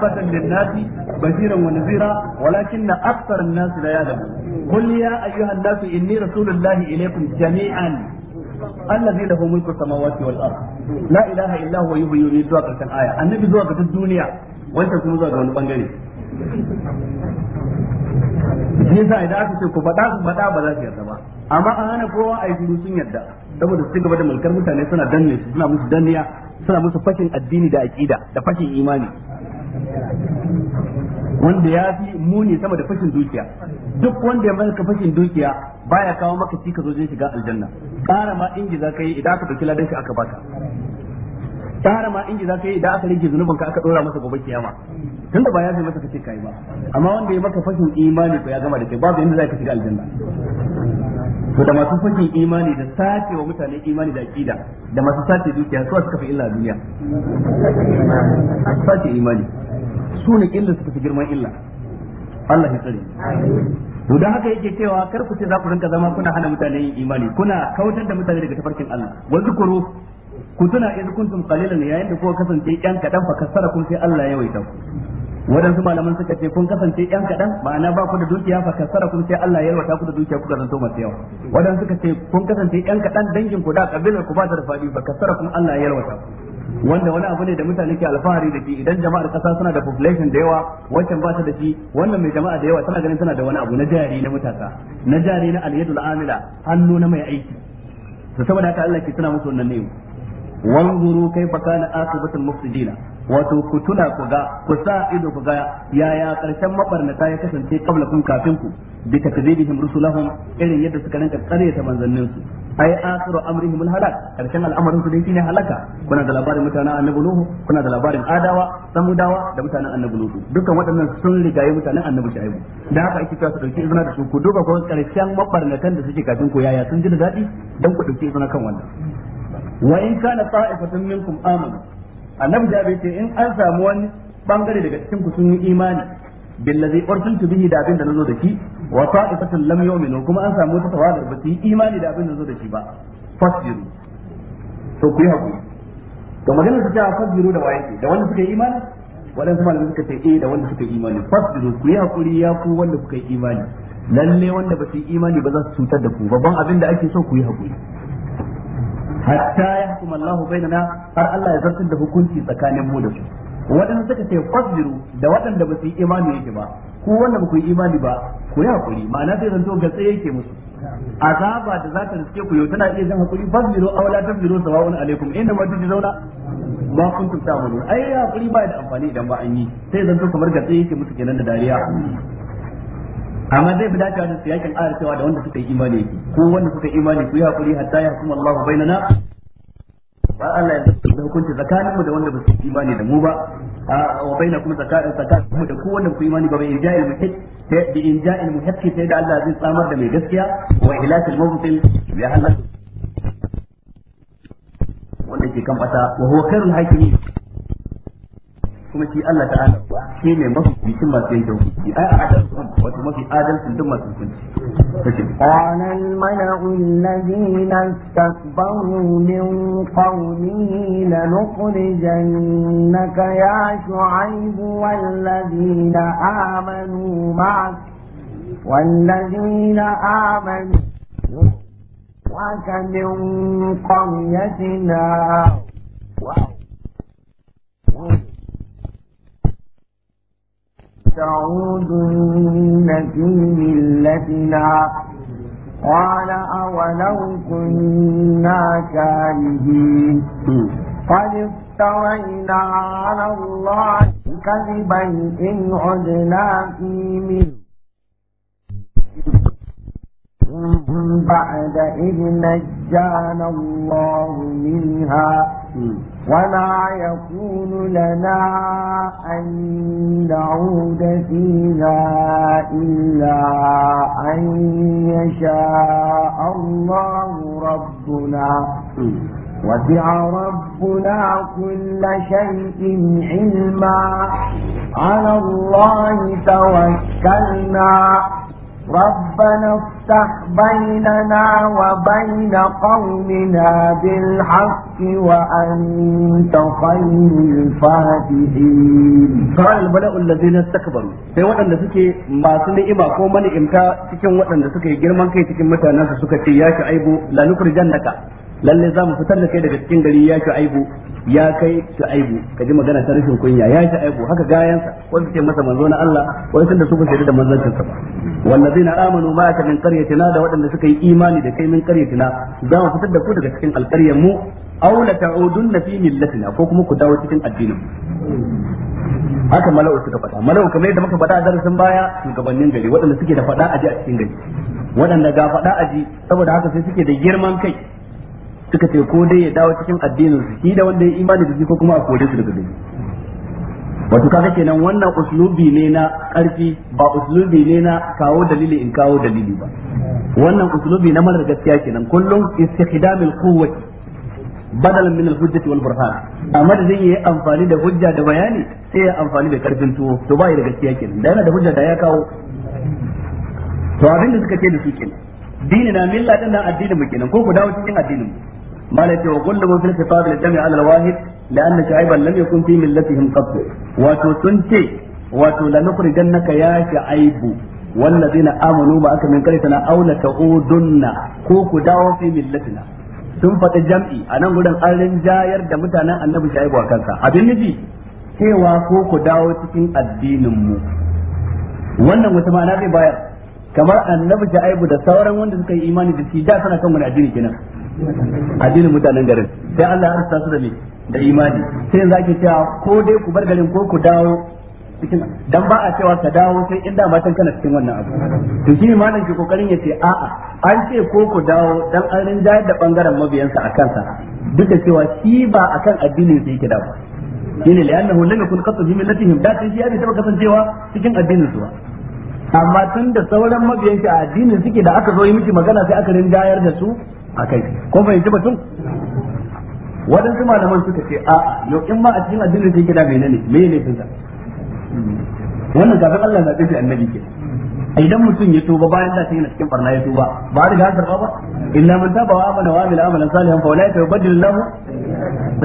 fatan lin-nasi bashiran wa nadhira walakin aktharun nasi la ya'lamu qul ya ayyuhan nasu inni rasulullahi ilaykum jami'an allazi lahu mulku samawati wal ard la ilaha illa huwa yuhyi wa yumiitu zuwa karshen aya annabi zuwa ga duniya wancan kuma zuwa ga wani bangare yasa idan aka ce ku faɗa ku faɗa ba za su yarda ba amma an hana kowa a yi sun yarda saboda su gaba da mulkar mutane suna danne su suna musu danniya suna musu fashin addini da aqida da fashin imani wanda ya fi muni sama da fashin dukiya duk wanda ya maka fashin dukiya baya kawo maka ci ka zo je shiga aljanna ƙara ma inji za ka yi idan aka ɗauki ladan shi aka baka ƙara ma inji za ka yi idan aka rage zunubin ka aka ɗora masa gobe kiyama tunda ba ya fi masa kace kai ba amma wanda ya maka fashin imani ko ya gama da kai babu inda za ka shiga aljanna to da masu fakin imani da sace wa mutane imani da aqida da masu sace dukiya su suka fi illa duniya sace imani su ne kinda suka fi girman illa Allah ya tsare to dan haka yake cewa kar ku ce za ku rinka zama kuna hana mutane yin imani kuna kautar da mutane daga tafarkin Allah wanzu zikru ku tuna iz kuntum qalilan yayin da ku kasance yan kadan fa kasara kun sai Allah ya waita ku Wadansu malaman suka ce kun kasance yan kaɗan ma'ana ba ku da dukiya fa kasara kun sai Allah ya yarwata ku da dukiya kuka zanto masu yawa waɗansu suka ce kun kasance yan kaɗan dangin ku da kabilar ku ba ta da fadi fa kasara kun Allah ya yarwata ta. wanda wani abu ne da mutane ke alfahari da shi idan jama'ar kasa suna da population da yawa wancan ba ta da shi wannan mai jama'a da yawa tana ganin tana da wani abu na jari na mutaka na jari na aliyadul amila hannu na mai aiki to saboda haka Allah ke tana musu wannan ne wanzuru fa kana akibatul mufsidina wato ku tuna ku ga ku sa ido ku ga yaya karshen mabarnata ya kasance kabla kun kafin ku bi takdibihim rusulahum irin yadda suka ranka karyata manzannin su ai akhiru amrihim alhalak karshen al'amarin su dai shine halaka kuna da labarin mutanen annabi nuhu kuna da labarin adawa samudawa da mutanen annabi nuhu dukkan waɗannan sun rigaye mutanen annabi shaibu dan haka ake cewa su dauki izina da su ku duba ko karshen mabarnatan da suke kafin ku yaya sun ji dadi dan ku dauki izina kan wannan wa in kana ta'ifatun minkum amanu annabi da bai ce in an samu wani bangare daga cikin ku sun yi imani billazi ursiltu bihi da abin da nazo da shi wa ta'ifatun lam yu'minu kuma an samu wata tawadar ba su yi imani da abin da nazo da shi ba fasjiru to ku yi hakuri to magana ta cewa fasjiru da waye da wanda suka yi imani waɗansu malamai suka ce eh da wanda suka yi imani fasjiru ku yi hakuri ya ku wanda kuka yi imani lalle wanda ba su yi imani ba za su cutar da ku babban abin da ake so ku yi hakuri hatta ya yahkum Allahu bainana har Allah ya zartar da hukunci tsakanin mu da su waɗanda suka ce fasbiru da waɗanda ba su yi imani yake ba ko wanda ba ku yi imani ba ku yi hakuri ma'ana sai zanto ga tsaye yake musu azaba da zata riske ku yau tana iya jan hakuri fasiru aw la tafiru sawa'un alaikum inna ma tuji tujzauna ma kuntum ta'malun ai hakuri ba da amfani idan ba an yi sai zanto kamar ga tsaye yake musu kenan da dariya amma zai fi dacewa da siyakin ayar cewa da wanda suka yi imani ko wanda suka yi imani ku yi hakuri hatta ya kuma Allah ba bainana ba Allah ya da hukunci tsakanin mu da wanda ba su yi imani da mu ba a wa baina kuma tsakanin tsakanin mu da ko wanda ku yi imani ba bai inja'il muhit bi mu hit sai da Allah zai tsamar da mai gaskiya wa ilatul mubtil bi halal wanda ke kan fata wa huwa khairul hakimin kuma shi Allah ta'ala shi ne mafi bikin masu yanke hukunci ai a adalcin wato mafi adalcin duk masu hukunci take qala al alladhina istakbaru min qawmihi lanukhrijannaka ya shu'ayb walladhina amanu ma'ak والذين آمنوا وكم من قريتنا تعودن في ملتنا قال أولو كنا كارهين قد افترينا على الله كذبا إن عدنا في ملتنا بعد إذ نجانا الله منها وما يكون لنا أن نعود فيها إلا أن يشاء الله ربنا وسع ربنا كل شيء علما على الله توكلنا ربنا افتح بيننا وبين قومنا بالحق وأنت خير الفاتحين قال البلاء الذين استكبروا sai waɗanda suke masu ni'ima ko mani imta cikin waɗanda suke girman kai cikin mutanen su suka ce ya shi aibu la nukrijannaka lalle za mu fitar da kai daga cikin gari ya shu'aibu ya kai shu'aibu ka ji magana ta rashin kunya ya shu'aibu haka gayansa wanda suke masa manzo na Allah wai tunda su kusa da manzancin sa ba wallazina amanu ma ka min qaryatina da waɗanda suka yi imani da kai min qaryatina za mu fitar da ku daga cikin alƙaryar mu aw la ta'udunna fi millatina ko kuma ku dawo cikin addinin haka mala'u suka faɗa mala'u kamar yadda muka faɗa a darasin baya shugabannin gari waɗanda suke da faɗa a ji a cikin gari waɗanda ga faɗa a ji saboda haka sai suke da girman kai suka ce ko dai ya dawo cikin addinin su shi da wanda ya imani da shi ko kuma a kore su daga gari wato kaga kenan wannan uslubi ne na karfi ba uslubi ne na kawo dalili in kawo dalili ba wannan uslubi na marar gaskiya kenan kullum istikhdamul quwwati badalan min al-hujjati wal burhan amma da zai yi amfani da hujja da bayani sai ya amfani da karfin tuwo to ba da gaskiya kenan da yana da hujja da ya kawo to abin da suka ce da su kenan dini na milla din nan addinin mu kenan ko ku dawo cikin addinin mu ما لك وغلبوا في الخطاب للجمع على الواحد لأن شعيبا لم يكن في ملتهم قط وتسنتي ولنخرجنك يا شعيب والذين آمنوا معك من قريتنا أو لتعودن كوكو داو في ملتنا sun faɗi jam'i a nan gudun an jayar da mutanen annabi shaibu a kansa abin nufi cewa ko ku dawo cikin addininmu wannan wata ma'ana zai bayar kamar annabi shaibu da sauran wanda suka yi imani da shi da suna kan wani addini kenan addinin mutanen garin sai Allah ya rasa su da me da imani sai yanzu ake cewa ko dai ku bar garin ko ku dawo cikin dan ba a cewa ka dawo sai in da matan kana cikin wannan abu to shi malam ke kokarin ya ce a'a an ce ko ku dawo dan an rinjayar da bangaren mabiyansa a kansa duk da cewa shi ba akan addinin sai yake dawo shine annahu lam yakun qattu min millatihim da sai shi taba kasancewa cikin addinin su ba amma tun da sauran mabiyansa a addinin suke da aka zo yi miki magana sai aka rinjayar da su a kai ko bai ji batun waɗansu malaman suka ce a yau in ma a cikin addinin sai kida mai ne me ne sun wannan kafin Allah na tafi annabi ke idan mutum ya tuba bayan da yana cikin barna ya tuba ba riga an karba ba illa man taba wa amana wa amila amalan salihan fa ulai yubaddilu lahu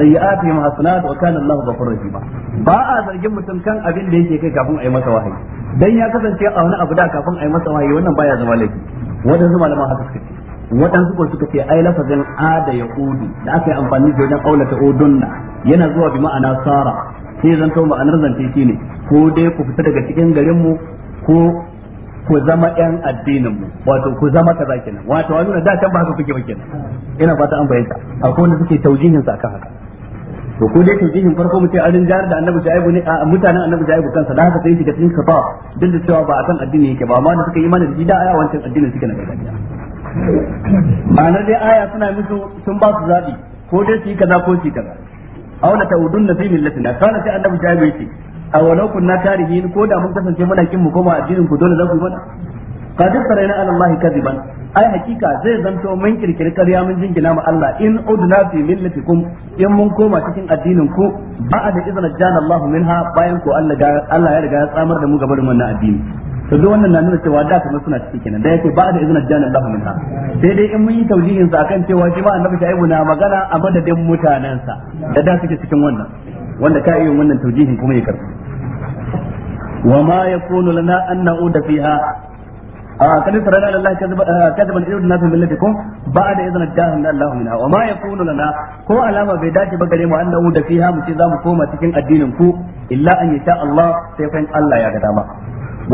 sayyi'atihim hasanat wa kana Allahu ghafurur rahim ba a zargin mutum kan abin da yake kai kafin a yi masa wahayi dan ya kasance a wani abu da kafin a yi masa wahayi wannan baya zama laifi wadansu malaman haka suka ce waɗansu ko suka ce ai lafazin ada ya udu da aka yi amfani da wajen aulata udunna yana zuwa bi ma'ana sara sai zan to ma'anar zance shi ne, ko dai ku fita daga cikin garin mu ko ku zama yan addinin mu wato ku zama kaza kenan wato nuna da can ba haka kuke ba kenan ina fata an bayyana akwai wanda suke taujihin sa akan haka to ko dai taujihin farko ce arin jihar da annabi jaibu ne a mutanen annabi jaibu kansa da haka sai shiga cikin kafa duk da cewa ba akan addini yake ba amma da suka imani da shi da aya wancan addinin suke na gargajiya ma'anar dai aya suna musu sun ba su zabi ko dai su yi kaza ko su yi kaza aw na ta'udunna fi millatina kana sai annabi ta yi ce a walau kunna tarihin ko da mun kasance muna kin mu koma addinin ku dole za ku mana qad na ala allahi kadiban ai hakika zai zanto mun kirkiri karya mun jingina ma Allah in udna fi millatikum in mun koma cikin addinin ku ba'a da izinin jana Allah minha bayan ko Allah ya riga ya tsamar da mu gaba da wannan addini to duk wannan na nuna cewa da kamar suna ciki kenan da yake ba da izinin jana Allah minha sai dai in mun yi tawjihin sa akan cewa jima annabi shaibu na magana a madadin mutanansa da da suke cikin wannan wanda ka iya wannan tawjihin kuma ya karbi wa ma yakunu lana an na'uda fiha قد فرنا على الله كذبا إذ الناس من لديكم بعد إذن جاهنا الله منها وما يكون لنا هو علامة بداية بقري وأن نعود فيها متزام كوما تكين الدين كو إلا أن يشاء الله سيفين الله يا قدامة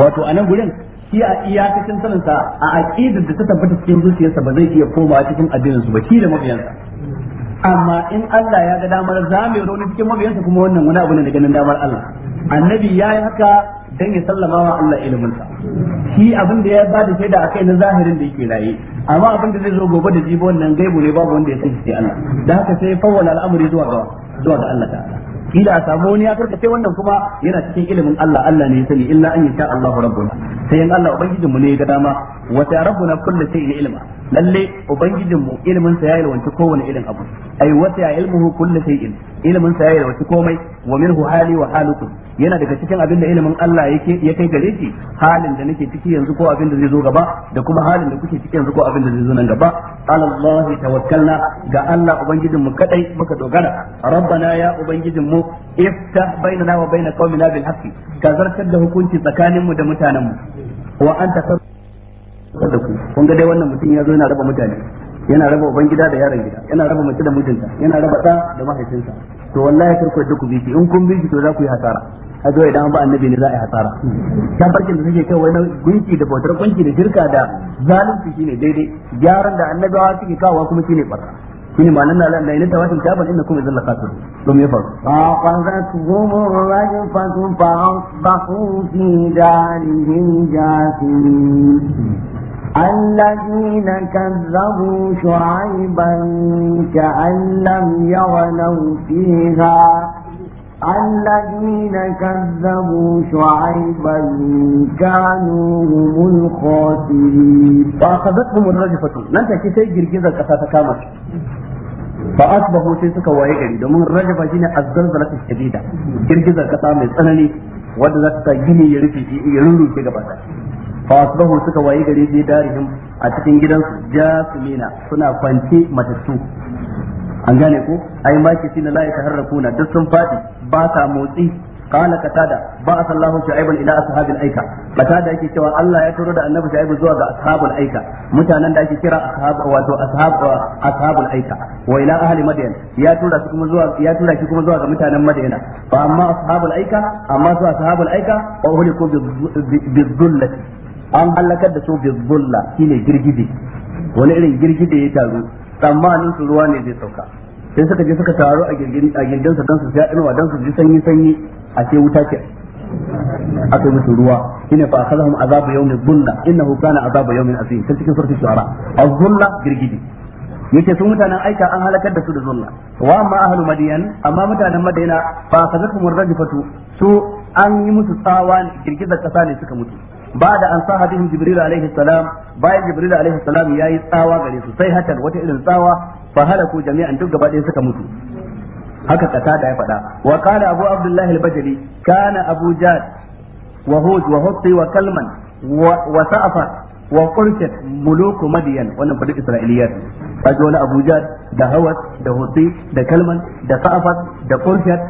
wato a nan gurin shi a iyakacin saninsa a aƙidar da ta tabbata cikin zuciyarsa ba zai iya komawa cikin addinin su ba shi da mabiyansa amma in Allah ya ga damar zame rauni cikin mabiyansa kuma wannan wani abu ne ganin damar Allah annabi ya yi haka dan ya sallama wa Allah ilimin sa shi abin da ya ba da shaida akai na zahirin da yake raye amma abin da zai zo gobe da jibo wannan gaibu ne babu wanda ya sani sai Allah dan haka sai fawwala al'amari zuwa ga zuwa ga Allah ta'ala Ila a samu wani ya karkace wannan kuma yana cikin ilimin Allah Allah ne ya sani illa an yasha Allahu rabbuna sai in Allah ubangijin mu ne ga dama wa ta rabbuna kullu shay'in ilma lalle ubangijin mu ilimin sa ya yalwanci kowane irin abu ai wa ta ilmuhu kullu shay'in ilimin sa ya yalwanci komai wa minhu hali wa halukum yana daga cikin abin da ilimin Allah yake ya kai gare shi halin da nake ciki yanzu ko abin da zai zo gaba da kuma halin da kuke ciki yanzu ko abin da zai zo nan gaba ala Allah tawakkalna ga Allah ubangijin mu kadai muka dogara rabbana ya ubangijin mu iftah bainana wa baina qaumina bil haqqi ka zartar da hukunci tsakanin mu da mutanen mu wa anta da kun ga dai wannan mutum ya zo yana raba mutane yana raba uban gida da yaran gida yana raba mace da mijinta yana raba ɗa da mahaifinsa to wallahi kar ku yadda ku biki in kun biki to za ku yi hasara a zo idan ba annabi ne za a yi hasara ta farkin da suke kai wani gunki da bautar gunki da shirka da zalunci shine daidai gyaran da annabawa suke kawo kuma shine barka shine nan na la ina tawatin taban inna kuma zalla qatil dum ya faru aqazat zumur ba fa asbahu fi darihim jasimin الذين كذبوا شعيبا كأن لم يغنوا فيها الذين كذبوا شعيبا كانوا هم الخاسرين فأخذتهم الرجفة لن تكي سيجر جزا كفا تكامل فأصبحوا سيسك ويجري دومن الرجفة جينا الزلزلة الشديدة جرجزا كفا من سنني wadda جيني ta sa gini ya fa asbahu suka wayi gari ji darihim a cikin gidan jasmina suna kwance matattu an gane ko ai ma ke sina la'i taharrakuna duk sun fadi ba ta motsi ka tada ba sallahu shu'aiban ila ashabil aika katada yake cewa Allah ya turo da annabi shu'aib zuwa ga ashabul aika mutanen da ake kira ashab wato ashab ashabul aika wa ila ahli madyan ya tura su kuma zuwa ya tura shi kuma zuwa ga mutanen madina fa amma ashabul aika amma su ashabul aika wa uhliku bi an halakar da su bizbulla zulla shine girgide wani irin girgide ya taru tsammanin su ruwa ne zai sauka sai suka je suka taru a gindinsa don su sha inuwa don su ji sanyi sanyi a ce wuta ce aka musu ruwa shine fa akhadhum azabu yawmin dhulla innahu kana azabu yawmin azim sai cikin suratul shu'ara az-dhulla girgidi yace su mutanen aika an halakar da su da zulla wa amma ahlu madyan amma mutanen madina fa akhadhahum ar-rajfatu su an yi musu tsawa girgizar kasa ne suka mutu بعد أن صاحبهم جبريل عليه السلام باي جبريل عليه السلام يا يتساوى غري صيحة وتئل تساوى فهلكوا جميعا دك بعد سكا متو هكا قتادة يفدا وقال أبو عبد الله البجلي كان أبو جاد وهود وهطي وكلما وسأفت وقرشت ملوك مدين وانا فدك إسرائيليات فجول أبو جاد ده هوت ده هطي ده كلما ده سأفت ده قرشت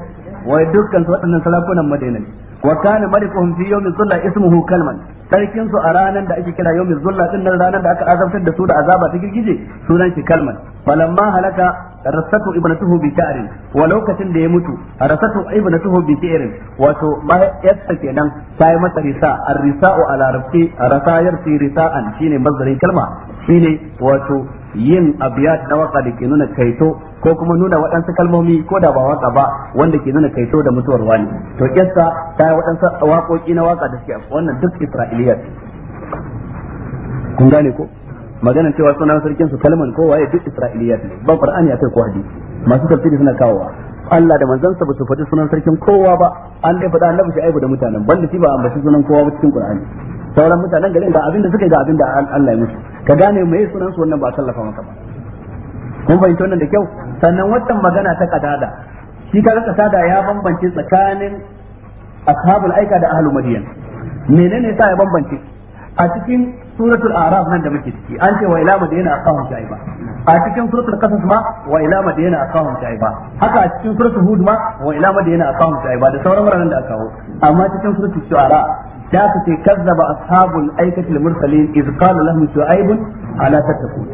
wai dukkan su waɗannan salafunan madina ne wa kana malikuhum fi yawmi zulla ismuhu kalman sarkin su a ranar da ake kira yawmi zulla din nan ranar da aka azabtar da su da azaba ta girgije sunan shi kalman falamma halaka rasatu ibnatuhu bi ta'rin wa lokacin da ya mutu rasatu ibnatuhu bi ta'rin wato mahaifiyarsa kenan ta yi masa risa ar-risa'u a rafi rasayar fi risa'an shine mazdarin kalma shine wato yin abiyat na waka da ke nuna kaito ko kuma nuna waɗansu kalmomi ko da ba waka ba wanda ke nuna kaito da mutuwar wani to kissa ta yi waɗansu waƙoƙi na waka da suke wannan duk isra'iliyat kun gane ko maganar cewa sunan sarkin su kalman kowa ya duk isra'iliyat ne ba qur'ani akai ko hadisi masu tafsiri suna kawowa Allah da manzan ba su faɗi sunan sarkin kowa ba an dai faɗa annabi shi aibu da mutanen banda shi ba ambaci sunan kowa ba cikin qur'ani sauran mutanen garin ga abinda suka ga abinda Allah ya musu ka gane me sunan su wannan ba sallafa maka ba kun fahimci wannan da kyau sannan wannan magana ta kadada shi ka rasa sada ya bambance tsakanin ashabul aika da ahlul madiyan menene sa ya bambance a cikin suratul araf nan da muke ciki an ce wa ila madina aqahum shaiba a cikin suratul qasas ma wa ila madina aqahum shaiba haka a cikin suratul hud ma wa ila madina aqahum shaiba da sauran wuraren da aka hawo amma cikin suratul shu'ara da ta ce kazzaba ashabul aikatil mursalin iz qala lahum shu'aib ala tattaqun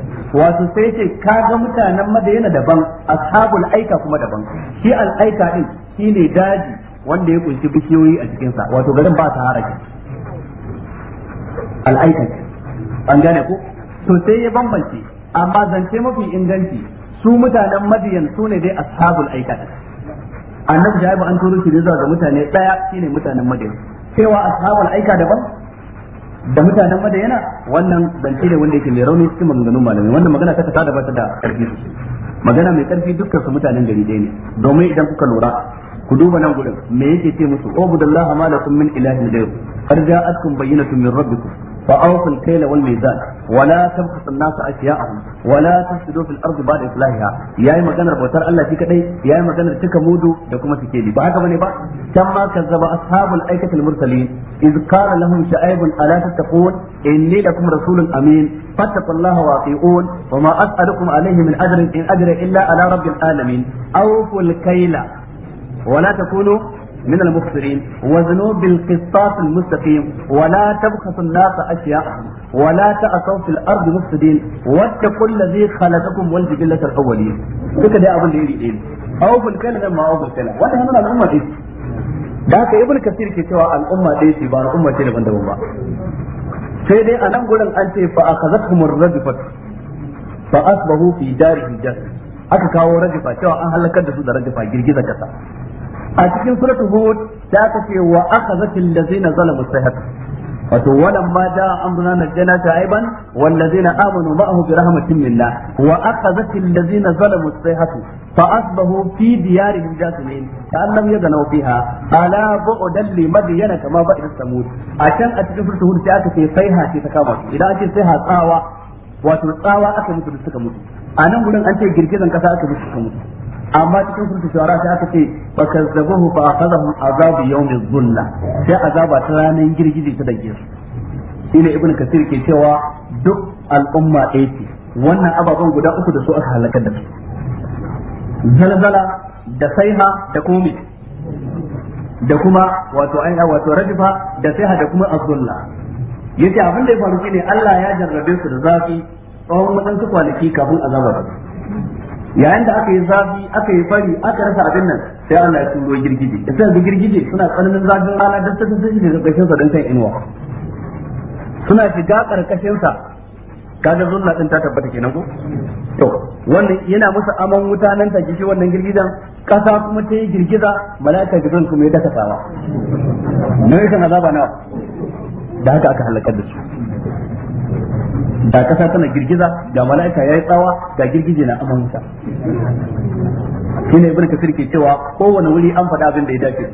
wato sai ce kaga mutanen madina daban ashabul aika kuma daban shi al aika din shine daji wanda ya kunshi bishiyoyi a cikinsa wato garin ba ta kenan al'aikan an gane ku to sai ya bambance amma zance mafi inganci su mutanen madiyan su ne dai ashabul aikata annabi ba an turo shi zuwa ga mutane daya shine mutanen madiyan cewa ashabul aika daban da mutanen madiyana wannan zance ne wanda yake mai rauni cikin maganganun malamai wannan magana ta ta da ba ta da karfi magana mai karfi dukkan su mutanen gari dai ne domin idan kuka lura ku duba nan gurin me yake ce musu ubudullaha ma lakum min ilahin ghayr qad ja'atkum bayyinatun min rabbikum فأوفوا الكيل والميزان ولا تبخسوا الناس أشياءهم ولا تفسدوا في الأرض بعد إصلاحها يا إما كان ربوتر الله في كده يا إما كان تك مودو دكما تكيلي بعد من بعد كما كذب أصحاب الأيكة المرسلين إذ قال لهم شعيب ألا تتقون إني لكم رسول أمين فاتقوا الله وأطيعون وما أسألكم عليه من أجر إن أجر إلا على رب العالمين أوفوا الكيل ولا تكونوا من المخسرين وزنوا بالقسطاس المستقيم ولا تبخسوا الناس أشياءهم ولا تأسوا في الأرض مفسدين واتقوا الذي خلقكم والجبلة الأولين duka dai abin da ya riƙe ni awful kana ma awful kana wata hannun al'umma ce da haka ibn kasir ke cewa al'umma ɗaya ce ba al'umma daban-daban ba sai dai a nan gurin an ce fa akhadhatuhum ar-rajfat fa asbahu fi aka kawo rajifa cewa an halakar da su da girgizar kasa a cikin suratul hud da aka ce wa akhazatil ladzina zalamu sayhatu wato walan ma da amruna najjana shaiban wal ladzina amanu ma'ahu bi rahmatin minna wa akhazatil ladzina zalamu sayhatu fa asbahu fi diyarihim jasimin kan lam yadna fiha ala bu'dan li madyana kama ba'd samud a can a cikin suratul hud sai aka ce sayha ce ta kama idan aka ce sayha tsawa wato tsawa aka mutu suka mutu a nan gurin an ce girgizan kasa aka mutu suka mutu amma cikin surtu shawara sai aka ce ba a fa azabi yau mai zunna sai azaba ta ranar girgije ta dage su ne ibnu kasir ke cewa duk al'umma ɗaya ce wannan ababen guda uku da su aka halakar da su zalzala da saiha da kuma da kuma wato aina wato rajifa da saiha da kuma azzulla yace abin da ya faru shine Allah ya jarrabe su da zafi tsawon wadansu kwanaki kafin azaba ta yayin da aka yi zafi aka yi fari aka rasa abin nan sai Allah ya turo girgije sai ga girgije suna tsananin zafin rana da ta tsaye da kashin sa dan kan inuwa suna shiga karkashin sa kaga zulla din ta tabbata kenan ko to wannan yana musu aman wuta nan ta shi wannan girgizan kasa kuma ta yi girgiza malaka gidan kuma ya daka sawa nau'ikan azaba nawa da haka aka halakar da su da kasa tana girgiza ga mala'ika yayi tsawa ga girgije na amansa shine ibn kasir ke cewa kowane wuri an faɗa abin da ya dace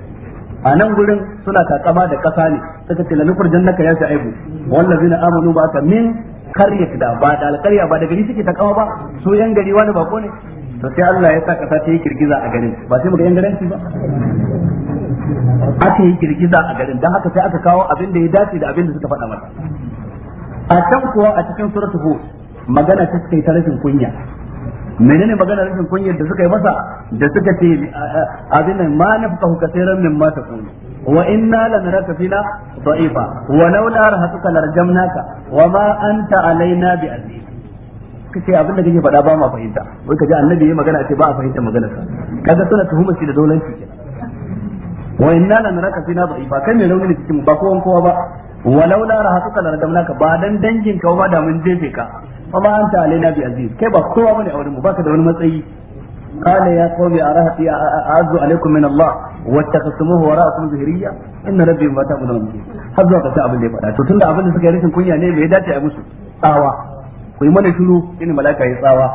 a nan gurin suna takama da kasa ne suka ce lanukur jannaka ya aibu wallazi na amanu ba ka min karya da ba da alƙarya ba da gari suke takama ba su yan gari wani bako ne to sai Allah ya sa kasa ta yi girgiza a garin ba sai mu ga yan garanci ba aka yi girgiza a garin don haka sai aka kawo abin da ya dace da abin da suka faɗa mata a can kuwa a cikin suratul hud magana ta suka yi ta rashin kunya menene magana rashin kunya da suka yi masa da suka ce abin nan ma nafqahu kaseeran mimma taqulu wa inna lanaraka fina da'ifa wa laula rahatuka larjamnaka wa ma anta alaina bi aziz kace abin da kake faɗa ba ma fahimta wai kaji annabi yayi magana ce ba a fahimta maganar sa kaga suna tuhumar shi da dolanci kenan wa inna lanaraka fina da'ifa kai ne rauni ne cikin ba kowan kowa ba walau la rahatuka la nadamnaka ba dan dangin ka ba da mun jefe ka fa ma anta alaina bi aziz kai ba kowa bane a wurin mu baka da wani matsayi qala ya qawmi arahati أعز عليكم min allah واتخذتموه وراءكم ظهريا إن ربي ما تعبدون به har zuwa ta abin da ya faɗa to tunda abin da suka yi rashin kunya ne bai dace a musu tsawa ku yi mana shiru shine malaka ya tsawa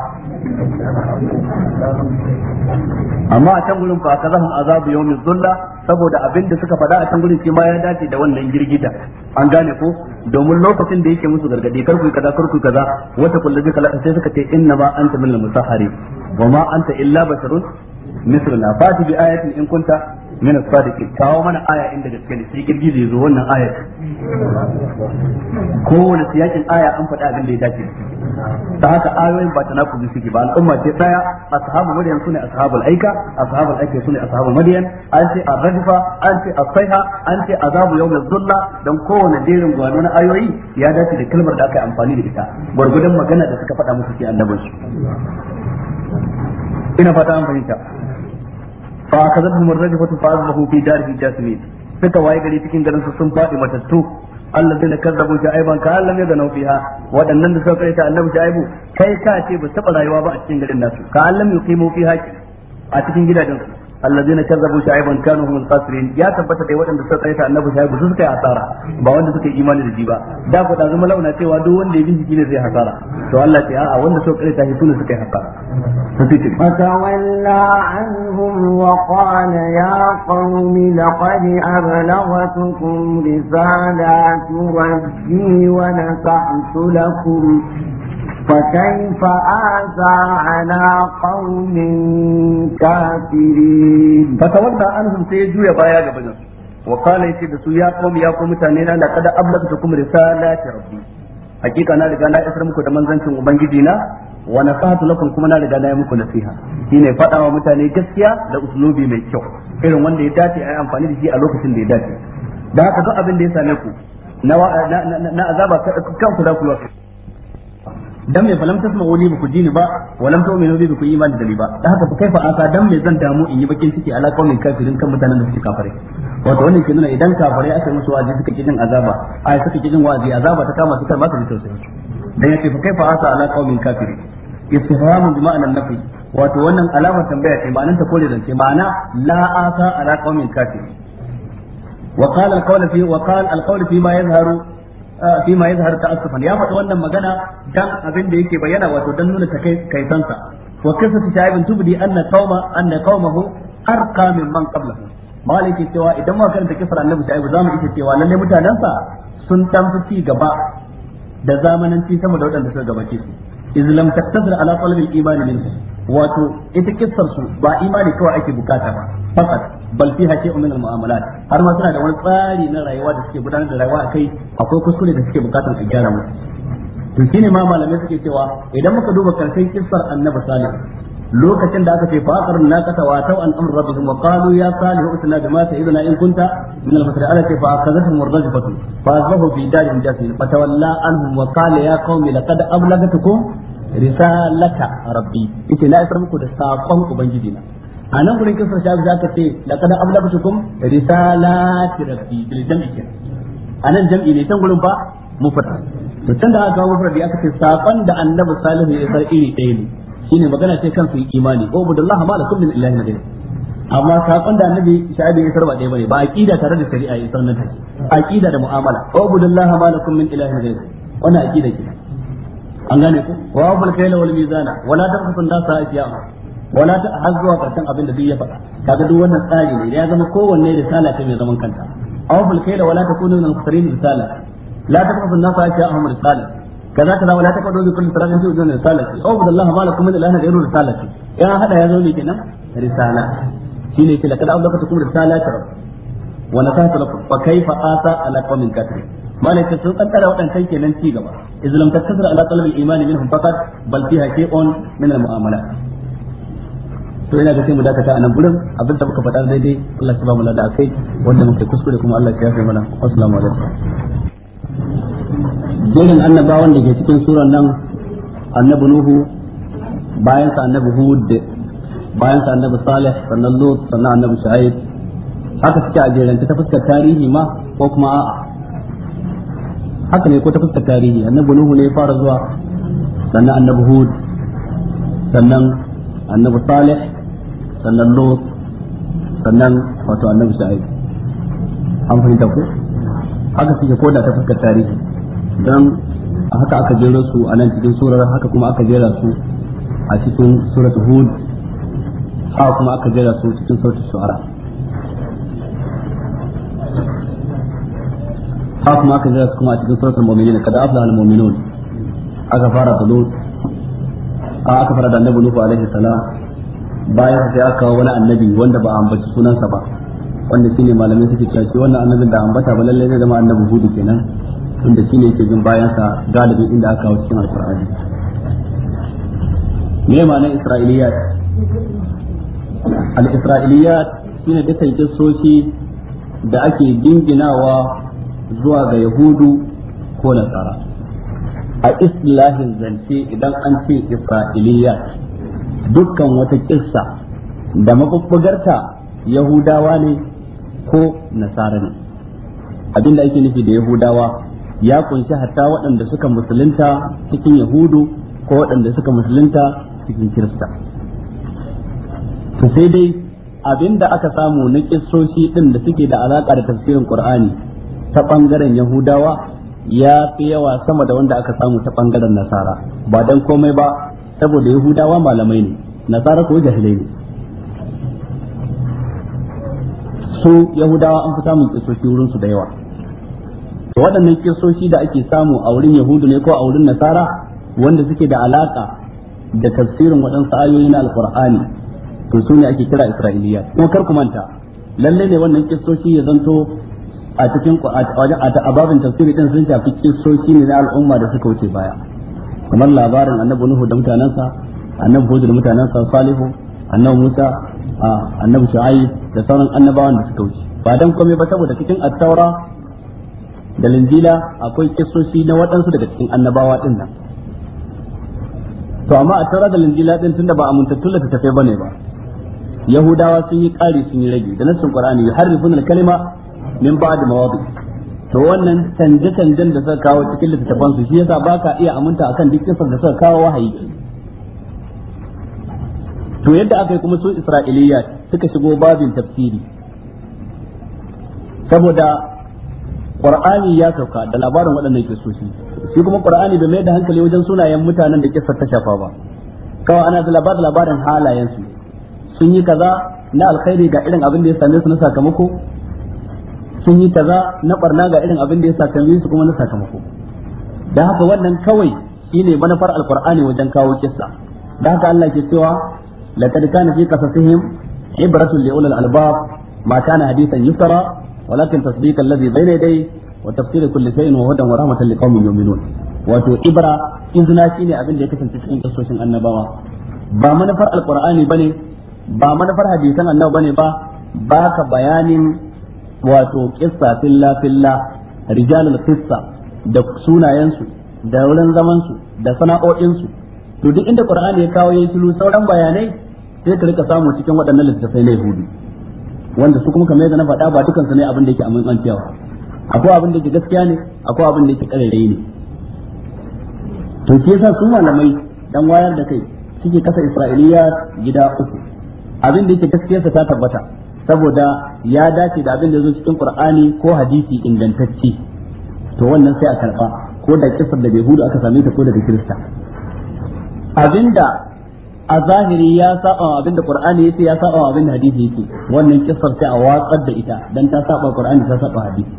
amma a can gurin fa kazahum azabu yawmin zulla saboda abin da suka faɗa a can gurin shi ma ya dace da wannan girgita an gane ko domin lokacin da yake musu gargadi kar ku kaza kar ku kaza wata kullu zai kala sai suka ce inna ma anta minal musahari wa ma anta illa basharun misluna fati bi ayatin in kunta min as-sadiqin kawo mana aya inda gaske ne sai girgizo yazo wannan aya kowane siyakin aya an faɗa abin da ya dace ta haka ayoyin ba ta nakuzi suke ba al'umma ce daya ashabu madyan sune ashabul aika ashabul aika sune ashabul madyan an ce a rajfa an ce as-sayha an ce azabu yawm az-zulla dan kowane jerin gwano na ayoyi ya dace da kalmar da aka yi amfani da ita magana da suka faɗa musu ke annabinsu ina fa akazathum ar-rajfatu fa azbahu fi darihi jasmin suka waye gari cikin garin su sun fadi matattu allazina kazzabu shaiban ka lam yaganu fiha wadannan da suka kai ta annabi shaibu kai ka ce ba taba rayuwa ba a cikin garin nasu ka lam yuqimu fiha a cikin gidajen su alladheena kazzabu shu'aiban kanu hum al-khasirin ya tabbata dai waɗanda suka tsaya annabi shu'aibu su suka yi hasara ba wanda suka yi imani da shi ba da ku da zama launa cewa duk wanda ya bincike ne zai hasara to Allah ce a'a wanda suka kare ta hituna suka yi hasara فتولى عنهم وقال يا قوم لقد أبلغتكم رسالات ربي ونصحت لكم فكيف آسى على قوم كافرين فتولى أنهم سيجوا يا بايا جبنا وقال يتي دسو يا قوم يا قوم تانينا لقد أبلغتكم رسالة ربي حقيقة أنا لقد أسر مكو دمان زنكم وبنجدنا ونصحت لكم كما أنا لقد أنا مكو نصيحة هنا فتا ومتاني جسيا لأسلوبي من شوق إذن وان دي داتي أي أنفاني دي ألوك سن دي داتي da haka duk abin da ya kan ku da azaba kanku za ku yi dan me falam tasma'uni ba ku dini ba walam tu'minu bi ku imani da ni ba dan haka kaifa asa dan me zan damu in yi bakin ciki ala kaumin kafirin kan mutanen da suke kafare wato wannan ke nuna idan kafare aka musu wazi suka kidin azaba ai suka kidin wa'azi azaba ta kama su kan ba su ji tausayi dan yace fa kaifa asa ala kaumin kafirin istifhamu bi ma'ana nafi wato wannan alamar tambaya ce ma'anar ta kore zance ma'ana la asa ala qaumin kafirin وقال القول في وقال القول فيما يظهر fi ma yazhar ta'assufan ya faɗi wannan magana dan abin da yake bayyana wato dan nuna takaitansa wa qissatu sha'ibin tubdi anna qauma anna qaumahu arqa mimman qablahu malik cewa idan muka karanta kisar annabi sha'ibu zamu iya cewa lalle mutanansa sun dan ci gaba da zamananci sama da waɗanda suka gabace su iz lam taktasir ala talab al iman wato ita kissar su ba imani kawai ake bukata ba fakat bal hake shay'un min al mu'amalat har ma suna da wani tsari na rayuwa da suke gudanar da rayuwa akai akwai kuskure da suke bukatar a gyara musu to shine ma malamai suke cewa idan muka duba karshen kissar annabi salih lokacin da aka ce faqar naqata wa taw an amr rabbihim wa qalu ya salihu utna bima ta'iduna in kunta min al-fatara ala fa akhadathum ar-rajfatu fa azbahu fi darin jasim fa tawalla anhum wa qala ya qaumi laqad ablagatukum risalata rabbi ita na isar muku da sakon ubangiji na a nan gurin kisar shafi za ka ce laqad ablagatukum risalati rabbi bil jam'i a nan jam'i ne can gurin ba mufrad to can tunda aka kawo mufrad da aka ce sakon da annabi salihu ya isar iri ɗaya ne shine magana ce kan su yi imani o budallah ma lakum min ilahin ghayr amma sakon da annabi shaibi ya sarba dai bane ba aqida tare da shari'a ya sanan take aqida da mu'amala o budallah ma lakum min ilahin ghayr wannan aqida ke an gane ku wa abul kayla wal mizana wala tabkhasun nasa asya'a wala ta hazzuwa karshen abin da duk ya faɗa kaga duk wannan tsari ne ya zama kowanne da risala ta mai zaman kanta awful kayla wala takunu min al-khasirin risala la tabkhasun nasa asya'ahum risala kaza kaza wala taqadu bi kulli siratin fi wajhin risalati aw bidallahi ma lakum min ilahin ghayru risalati ya hada ya zo ne kenan risala shine ke lakada Allah ta kuma risalati wa nasahatu lakum fa kaifa ata ala qaumin kafirin malaka sun kaddara wadannan kenan ci gaba izlam takasara ala talab al-iman minhum faqat bal fiha shay'un min al-mu'amalat to ina ga sai mu dakata a nan gurin abin da muka faɗa daidai Allah ya ba mu lada akai wanda muke kuskure kuma Allah ya yafe mana assalamu alaikum jerin annabawan da ke cikin suran nan annabi nuhu bayan sa annabi hud bayan sa annabi salih sannan lut sannan annabi shaib haka suke a jerance ta fuskar tarihi ma ko kuma a'a haka ne ko ta fuskar tarihi annabi nuhu ne fara zuwa sannan annabi hud sannan annabi salih sannan lut sannan wato annabi shaib an fahimta ko haka suke da ta fuskar tarihi dan haka aka jera su a nan cikin surar haka kuma aka jera su a cikin surat hud haka kuma aka jera su cikin surat shu'ara haka kuma aka jera su kuma a cikin surat al-mu'minin kada afla al-mu'minun aka fara da lut aka fara da annabi nuhu alaihi salam bayan sai aka kawo wani annabi wanda ba a ambaci sunansa ba wanda shine malamai suke cewa wannan annabin da ambata ba lalle zai zama annabi hudu kenan tunda ne ke bin bayan sa galibin inda aka kawo cikin alqur'ani me ma'anar isra'iliyat al-isra'iliyat shine dukkan kissoshi da ake dinginawa zuwa ga yahudu ko nasara a islahin zance idan an ce isra'iliyat dukkan wata kissa da mabubbugarta yahudawa ne ko nasara ne abinda ake nufi da yahudawa ya kunshi hatta waɗanda suka musulunta cikin yahudu ko waɗanda suka musulunta cikin kirista to sai dai abinda aka samu na kissoshi ɗin da suke da alaƙa da tafsirin ƙur'ani ta ɓangaren yahudawa ya fi yawa sama da wanda aka samu ta ɓangaren nasara ba dan komai ba saboda yahudawa malamai ne nasara ko jahilai ne su yahudawa an fi samun kisoshi wurinsu da yawa waɗannan kisoshi da ake samu a wurin yahudu ne ko a wurin nasara wanda suke da alaka da tafsirin waɗansu ayoyi na alkur'ani to su ne ake kira isra'iliya kuma kar ku manta lalle ne wannan kisoshi ya zanto a cikin a babin tafsiri din sun shafi kisoshi ne na al'umma da suka wuce baya kamar labarin annabi nuhu da mutanansa annabi Hudu da mutanansa salihu annabi musa annabi shu'aib da sauran annabawan da suka wuce ba dan komai ba saboda cikin at-taura da linjila akwai kisoshi na waɗansu daga cikin annabawa ɗin nan to amma a tara da linjila ɗin tunda ba amintattun littattafai bane ba yahudawa sun yi ƙari sun yi rage da nassin qur'ani yuharrifuna al-kalima min ba'd mawadi to wannan canje canjen da suka kawo cikin littattafan su shi yasa baka iya aminta akan duk kisan da suka kawo wahayi to yadda aka yi kuma su israiliyya suka shigo babin tafsiri saboda qur'ani ya sauka da labarin waɗannan kisoshi shi kuma qur'ani bai mai da hankali wajen sunayen mutanen da kissar ta shafa ba kawai ana da labarin labarin halayen su sun yi kaza na alkhairi ga irin abin da ya same su na sakamako sun yi kaza na barna ga irin abin da ya same su kuma na sakamako da haka wannan kawai shine manufar alqur'ani wajen kawo kissa da haka Allah ke cewa laqad kana fi qasasihim ibratun li ulil albab ma kana hadithan yusra walakin tasdiq allazi bayna dai wa tafsir kulli in wa hudan wa rahmatan liqaumin yu'minun wato ibra ne abin da ya kasance cikin kasoshin annabawa ba manufar ba ne ba manufar hadisan annabawa bane ba baka bayanin wato qissa filla filla rijalul qissa da sunayensu da wurin zamansu da sana'o'insu to duk inda qur'ani ya kawo yayi shiru sauran bayanai sai ka rika samu cikin waɗannan littattafai na yahudi wanda su kuma kamar yadda na faɗa ba dukan su ne abin da yake amin tsantiyawa akwai abin da yake gaskiya ne akwai abin da yake karere ne to shi yasa su malamai dan wayar da kai suke kasa Isra'iliya gida uku abin da yake gaskiyarsa ta tabbata saboda ya dace da abin da zo cikin Qur'ani ko hadisi ingantacce to wannan sai a karba ko da kisar da bai hudu aka same ta ko daga Kirista abinda a zahiri ya saba abin da qur'ani yake ya saba abin da hadisi yake wannan kissar ta a watsar da ita dan ta saba qur'ani ta saba hadisi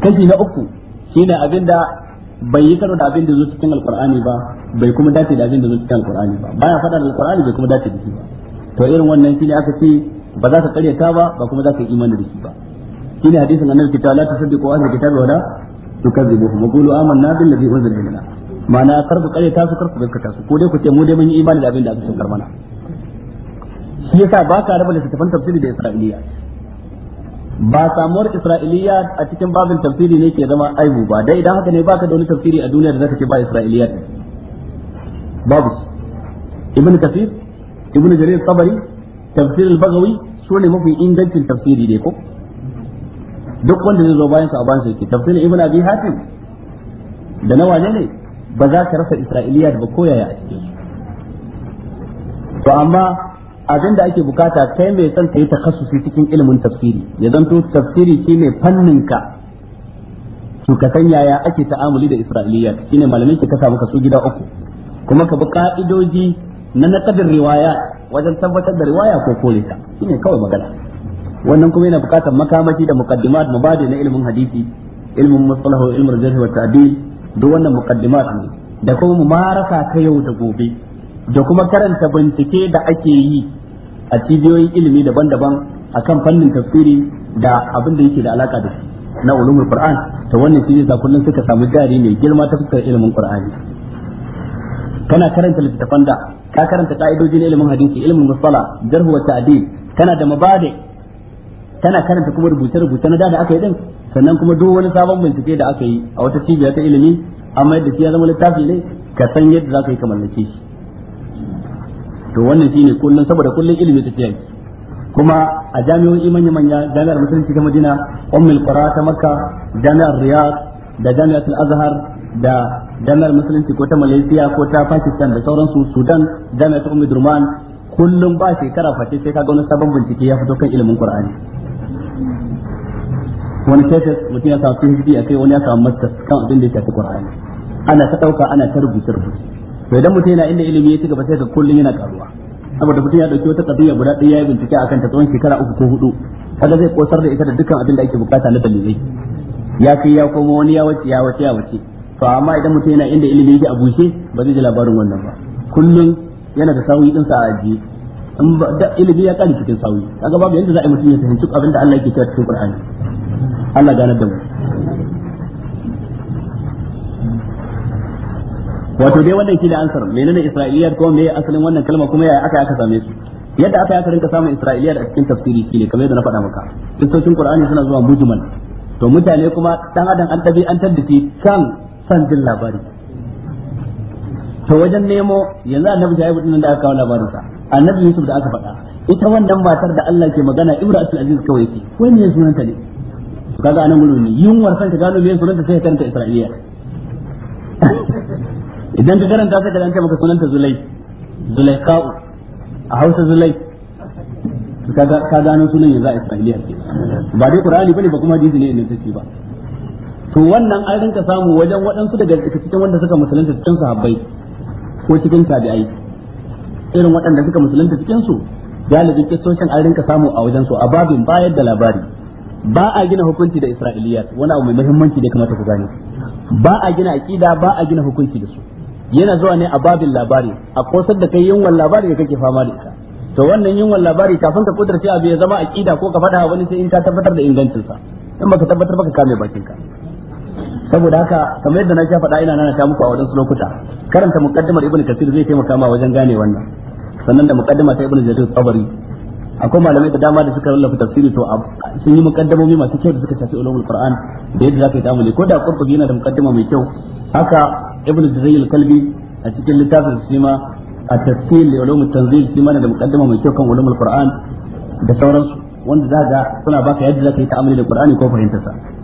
kaji na uku shine abin da bai yi karo da abin da zo cikin alqur'ani ba bai kuma dace da abin da zo cikin alqur'ani ba baya fada da alqur'ani bai kuma dace da shi ba to irin wannan shine aka ce ba za ka karyata ba ba kuma za ka yi imani da shi ba shine hadisin annabi ta la tasaddiqu ahlul kitabi wala tukazzibuhum qulu amanna billazi unzila ilaina ma'ana kar ku kare ta su kar ku gaskata su ko dai ku ce mu dai mun yi imani da abin da aka saukar mana shi yasa ba ka da littattafan tafsiri da isra'iliya ba samuwar isra'iliya a cikin babin tafsiri ne ke zama aibu ba dai idan haka ne ba ka da wani tafsiri a duniya da zaka ce ba isra'iliya babu ibn kasir ibn jarir tabari tafsir al-bagawi ne mafi ingancin tafsiri ne ko duk wanda zai zo bayan sa a bayan sa yake tafsirin ibn abi hatim da na wane ne ba za ka rasa isra'iliya da ba koyaya a cikin su to amma abin da ake bukata kai mai son ka yi takassusi cikin ilimin tafsiri ya zanto tafsiri shi ne fannin ka to ka san yaya ake ta'amuli da isra'iliya shine malamai ke kasa maka su gida uku kuma ka bi ka'idoji na naqadin riwaya wajen tabbatar da riwaya ko kore ta shine kawai magana wannan kuma yana bukatar makamashi da muqaddimat mabadi na ilimin hadisi ilimin mustalahu ilmin jarh wa ta'dil duk wannan mukaddimat ne da kuma marasa ta yau da gobe da kuma karanta bincike da ake yi a cibiyoyin ilimi daban-daban akan fannin tafsiri da abin da yake da alaka da shi na ulumul qur'an to wannan shi yasa kullun suka samu jari ne girma ta fuskar ilimin qur'ani kana karanta littafan da ka karanta ka'idojin ilimin hadisi ilimin musala jarh wa ta'dil kana da mabadi' tana karanta kuma rubuce-rubuce na da da aka yi din sannan kuma duk wani sabon bincike da aka yi a wata cibiya ta ilimi amma yadda shi ya zama littafi ne ka san yadda za ka yi ka mallake shi to wannan shine kullun saboda kullun ilimi ta kiyaye kuma a jami'o'i imani manya jami'ar musulunci ta Madina ummul qura ta Makka jami'ar Riyadh da jami'atul Azhar da jami'ar musulunci ko ta Malaysia ko ta Pakistan da sauransu Sudan jami'atul Ummi Durman kullum ba shekara face sai ka ga wani sabon bincike ya fito kan ilimin Qur'ani wani tesis mutum ya samu PhD a kai wani ya samu masters kan abin da ya shafi Qur'ani ana ta dauka ana ta rubuce rubuce to idan mutum yana inda ilimi ya ci gaba sai ga kullun yana karuwa saboda mutum ya dauki wata kadiya guda ɗaya ya bincike akan ta tsawon shekara uku ko hudu kaga zai kosar da ita da dukkan abin da ake bukata na dalilai ya kai ya koma wani ya wace ya wace ya wace to amma idan mutum yana inda ilimi ya yake a bushe ba zai ji labarin wannan ba kullun yana da sahuyi dinsa a ajiye in ba da ilimi ya kare cikin sawi kaga babu yanda za a yi mutum ya fahimci abin da Allah yake cewa cikin Qur'ani Allah gane da mu wato dai wannan shine ansar menene Isra'iliyar ko me asalin wannan kalma kuma yaya aka aka same su yadda aka aka rinka samun Isra'iliyar a cikin tafsiri shine kamar yadda na faɗa maka kissocin Qur'ani suna zuwa mujmal to mutane kuma dan adam an tabi an taddace kan san jin labari to wajen nemo yanzu annabi shaibu din da aka kawo labarin sa annabi Yusuf da aka faɗa ita wannan matar da Allah ke magana Ibrahim Aziz kawai ce wai me sunanta ne kaga anan gudu ne yunwar san ta gano me sunanta sai karanta Isra'iliya idan ka karanta sai ka danta maka ta Zulai Kau a Hausa Zulai kaga ka gano sunan yanzu a Isra'iliya ke ba dai Qur'ani bane ba kuma hadisi ne inda take ba to wannan an rinka samu wajen waɗansu daga cikin wanda suka musulunta cikin sahabbai ko cikin tabi'ai irin waɗanda suka musulunta cikin su galibin kistocin an rinka samu a wajen su a babin bayar da labari ba a gina hukunci da isra'iliyya wani abu mai muhimmanci da kamata ku gane ba a gina aqida ba a gina hukunci da su yana zuwa ne a babin labari a kosar da kai yunwan labari da kake fama da ita to wannan yunwan labari kafin ka kudurce abu ya zama aqida ko ka faɗa wani sai in ka tabbatar da ingancinsa in baka tabbatar baka kame bakinka saboda haka kamar yadda na sha faɗa ina nana ta muku a wadansu lokuta karanta muqaddimar ibnu kasir zai taimaka ma wajen gane wannan sannan da muqaddima ta ibnu jarir tsabari akwai malamai da dama da suka rallafa tafsiri to sun yi muqaddamomi masu kyau da suka shafi ulumul qur'an da yadda zaka yi ta'amuli ko da qurtubi yana da muqaddima mai kyau haka ibnu jarir kalbi a cikin littafin shi ma a tafsir li ulumul tanzil shi ma da muqaddima mai kyau kan ulumul qur'an da sauransu wanda za suna baka yadda zaka yi ta'amuli da qur'ani ko fahimtarsa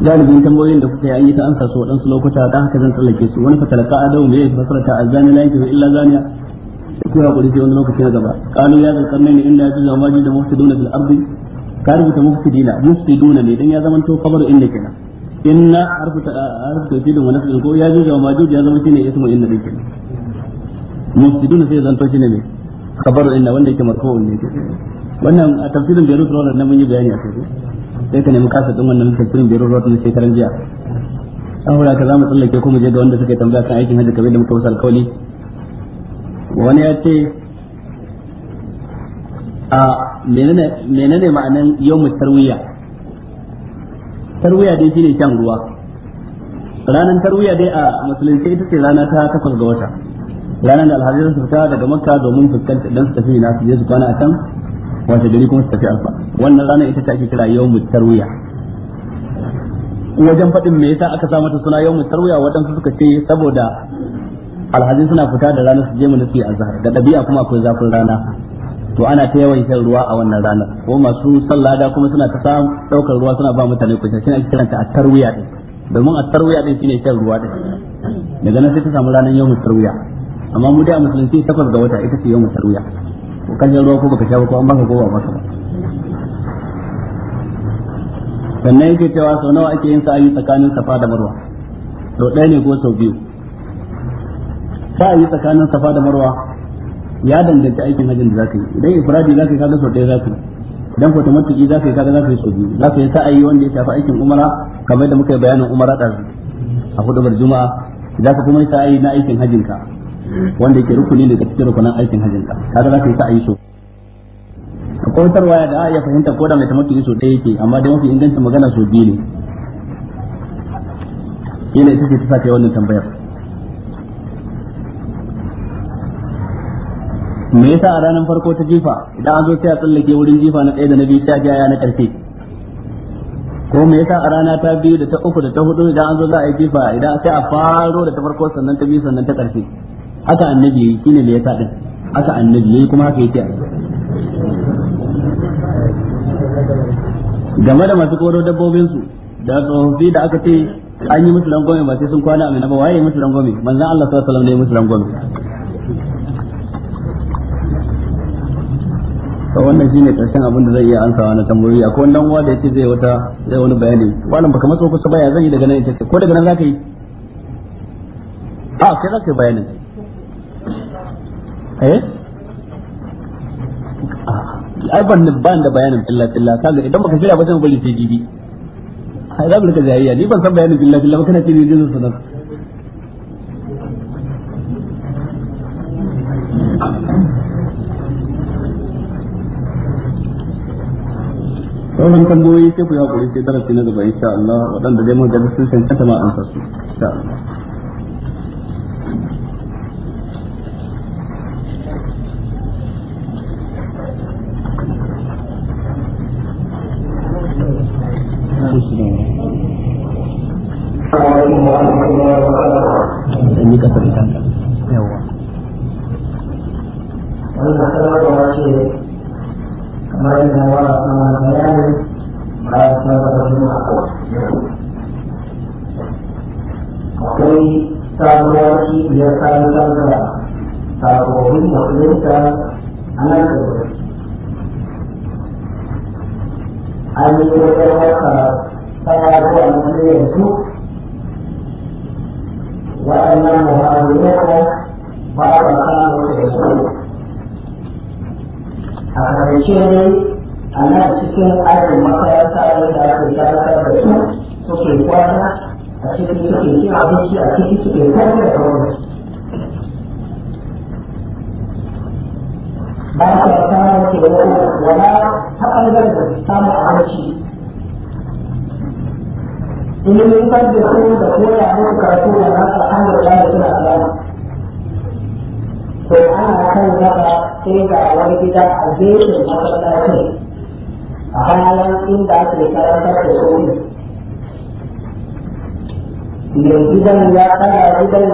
galibin tambayoyin da kuka yi an yi ta ansa su waɗansu lokuta da haka zan tsallake su wani ka fatalaka adamu bai yi fasarta azani la yankihu illa zaniya ku hakuri sai wani lokaci na gaba qalu ya zal qarnaini inna yajuzu ma da mufsiduna fil ardi ka rubuta mufsidina mufsiduna ne dan ya zama to kabar inda kenan inna harfuta harfuta fi da wani ko ya juja ma juja ya zama shine ismu inna din kenan mufsiduna sai zanto shine ne kabar inna wanda yake marfu'un ne wannan a tafsirin da ya rubuta wannan mun yi bayani a kai sai ka nemi kasa din wannan tafsirin biyar rot na shekaran jiya an hura ka zamu tsallake kuma je ga wanda suka tambaya kan aikin hajji kamar da muka wasu alkawali wani ya ce a menene ma'anan mu tarwiya tarwiya dai shine shan ruwa ranar tarwiya dai a musulunci ita ce rana ta takwas ga wata ranar da alhaji su fita daga makka domin fuskantar dan su tafi na su je su kwana a can wace gari kuma su tafi alfa wannan rana ita ce ake kira mu tarwiya wajen faɗin me yasa aka sa mata suna mu tarwiya waɗansu suka ce saboda alhaji suna fita da ranar su je mu su yi azhar da ɗabi'a kuma akwai zafin rana to ana ta yawan shan ruwa a wannan ranar ko masu sallah da kuma suna ta samun ɗaukar ruwa suna ba mutane kusa shi ake kiranta a tarwiya din domin a tarwiya din shine shan ruwa din daga nan sai ta samu ranar mu tarwiya amma mu da musulunci takwas ga wata ita ce mu tarwiya ko kallon ruwa ko baka sha ba ko an baka ko ba maka ba sannan yake cewa sau nawa ake yin sa'ayi tsakanin safa da marwa to ɗaya ne ko sau biyu sa'ayi tsakanin safa da marwa ya danganci aikin hajjin da za ka yi idan ifradi za ka yi kaga sau ɗaya za ka yi idan ko tamattuki za ka yi kaga za ka yi sau biyu za ka yi sa'ayi wanda ya shafi aikin umara kamar da muka yi bayanin umara ɗazu a bar juma'a za ka kuma yi sa'ayi na aikin hajjin ka wanda yake rukuni ne da cikin rukunan aikin hajjin ka kaga za ka yi ta ayi so a kawatar waya da a iya fahimta ko da mai tamaki so ɗaya yake amma dai mafi inganta magana so biyu ne ina ita ce ta sake wannan tambayar me yasa a ranar farko ta jifa idan an zo sai a tsallake wurin jifa na ɗaya da na biyu ta jaya na ƙarfe ko me yasa a rana ta biyu da ta uku da ta hudu idan an zo za a yi jifa idan sai a faro da ta farko sannan ta biyu sannan ta ƙarfe haka annabi yayi shine me yasa din haka annabi yayi kuma haka yake game da masu koro dabbobin su da tsofaffi da aka ce an yi musu rangwame ba sai sun kwana a minaba waye musu rangwame manzon Allah sallallahu alaihi wasallam ne musu rangwame to wannan shine karshen abin da zai iya ansawa na tambayoyi akwai wannan uwa da yace zai wata zai wani bayani malam baka matso kusa baya zan yi daga nan ita ko daga nan zaka yi a kai zaka yi bayanin eh ah, ai ban ban da bayanin illa illa kaga idan baka ba sai sai ai ni ban san bayanin illa illa kana ce ne sauran tambayoyi sai ku yi haƙuri sai darasi na gaba insha Allah waɗanda zai mun ga sun cancanta ma an insha Allah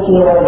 كثيرا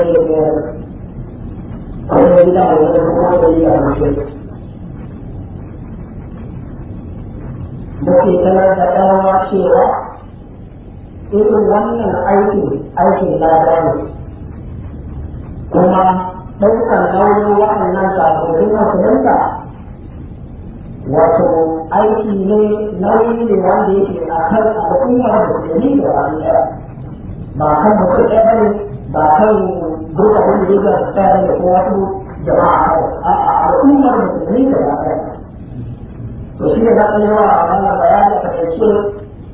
da za ka yi wa wannan bayanin ka ce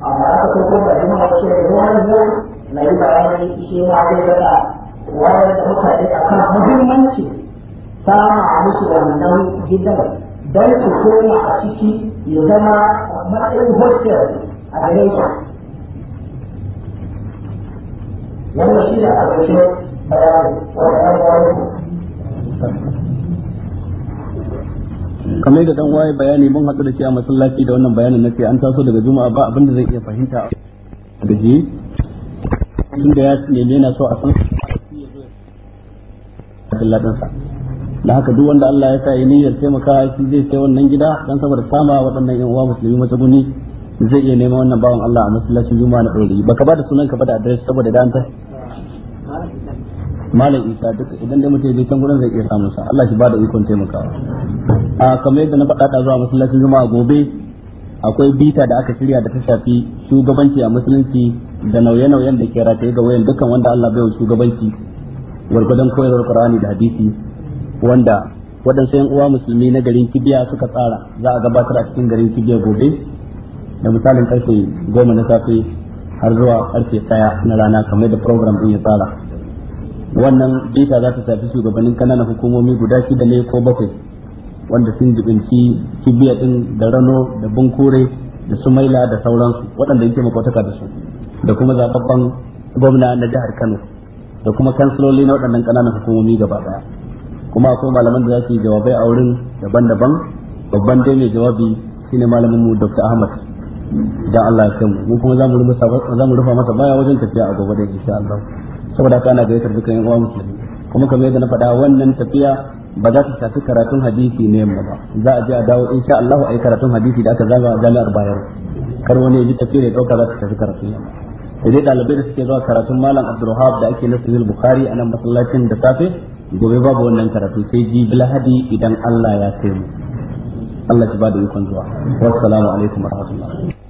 amma aka so ko bari mu ce da wannan yau na yi bayanin shi ma zai daga wayar da mutane akan muhimmanci sama musu wannan gidan don su koma a ciki ya zama matsayin hostel a gare su wannan shi ne a ƙarshe bayanin wanda an kamar yadda dan waye bayani mun haɗu da shi a masallaci da wannan bayanin na sai an taso daga juma'a ba abin da zai iya fahimta da shi tunda ya ne ne na so a san Allah dan sa da haka duk wanda Allah ya sa yi niyyar taimaka shi zai sai wannan gida dan saboda sama waɗannan yan uwa musulmi matsuguni zai iya neman wannan bawon Allah a masallacin juma'a na ɗauri baka ba da sunan ka ba da adres saboda dan ta malam isa duka idan dai mutum zai can gurin zai iya samun sa Allah shi bada ikon taimakawa a kamar yadda na faɗa ta zuwa masallacin a gobe akwai bita da aka shirya da ta shafi shugabanci a musulunci da nauye-nauyen da ke rataye ga wayan dukkan wanda Allah bai shugabanci gwargwadon koyarwar Qur'ani da hadisi wanda waɗansu yan uwa musulmi na garin Kibiya suka tsara za a gabatar a cikin garin Kibiya gobe da misalin karfe goma na safe har zuwa karfe ɗaya na rana kamar da program ɗin ya tsara wannan bita za ta shafi shugabannin kananan hukumomi guda shida ne ko bakwai wanda sun jibinci kibiya din da rano da bunkure da maila da sauransu waɗanda yake makwataka da su da kuma zababban gwamna na jihar kano da kuma kansiloli na waɗannan kananan hukumomi gaba ɗaya kuma akwai malaman da za su yi jawabai a wurin daban-daban babban dai mai jawabi shine malamin mu dr ahmad dan Allah ya kai mu kuma za mu rufa masa baya wajen tafiya a gobe da insha Allah saboda haka ana gayyatar dukkan yan uwa musulmi kuma kamar yadda na faɗa wannan tafiya ba za ta shafi karatun hadisi ne yamma ba za a je a dawo sha Allah a yi karatun hadisi da aka zaba jami'ar bayar kar wani ya ji tafiya ya dauka za ta shafi karatun yamma sai dalibai da suke zuwa karatun malam Abdulrahab da ake na Sahih Bukhari a nan masallacin da safe gobe babu wannan karatu sai ji hadi idan Allah ya kai mu Allah ya bada ikon zuwa wassalamu alaikum warahmatullahi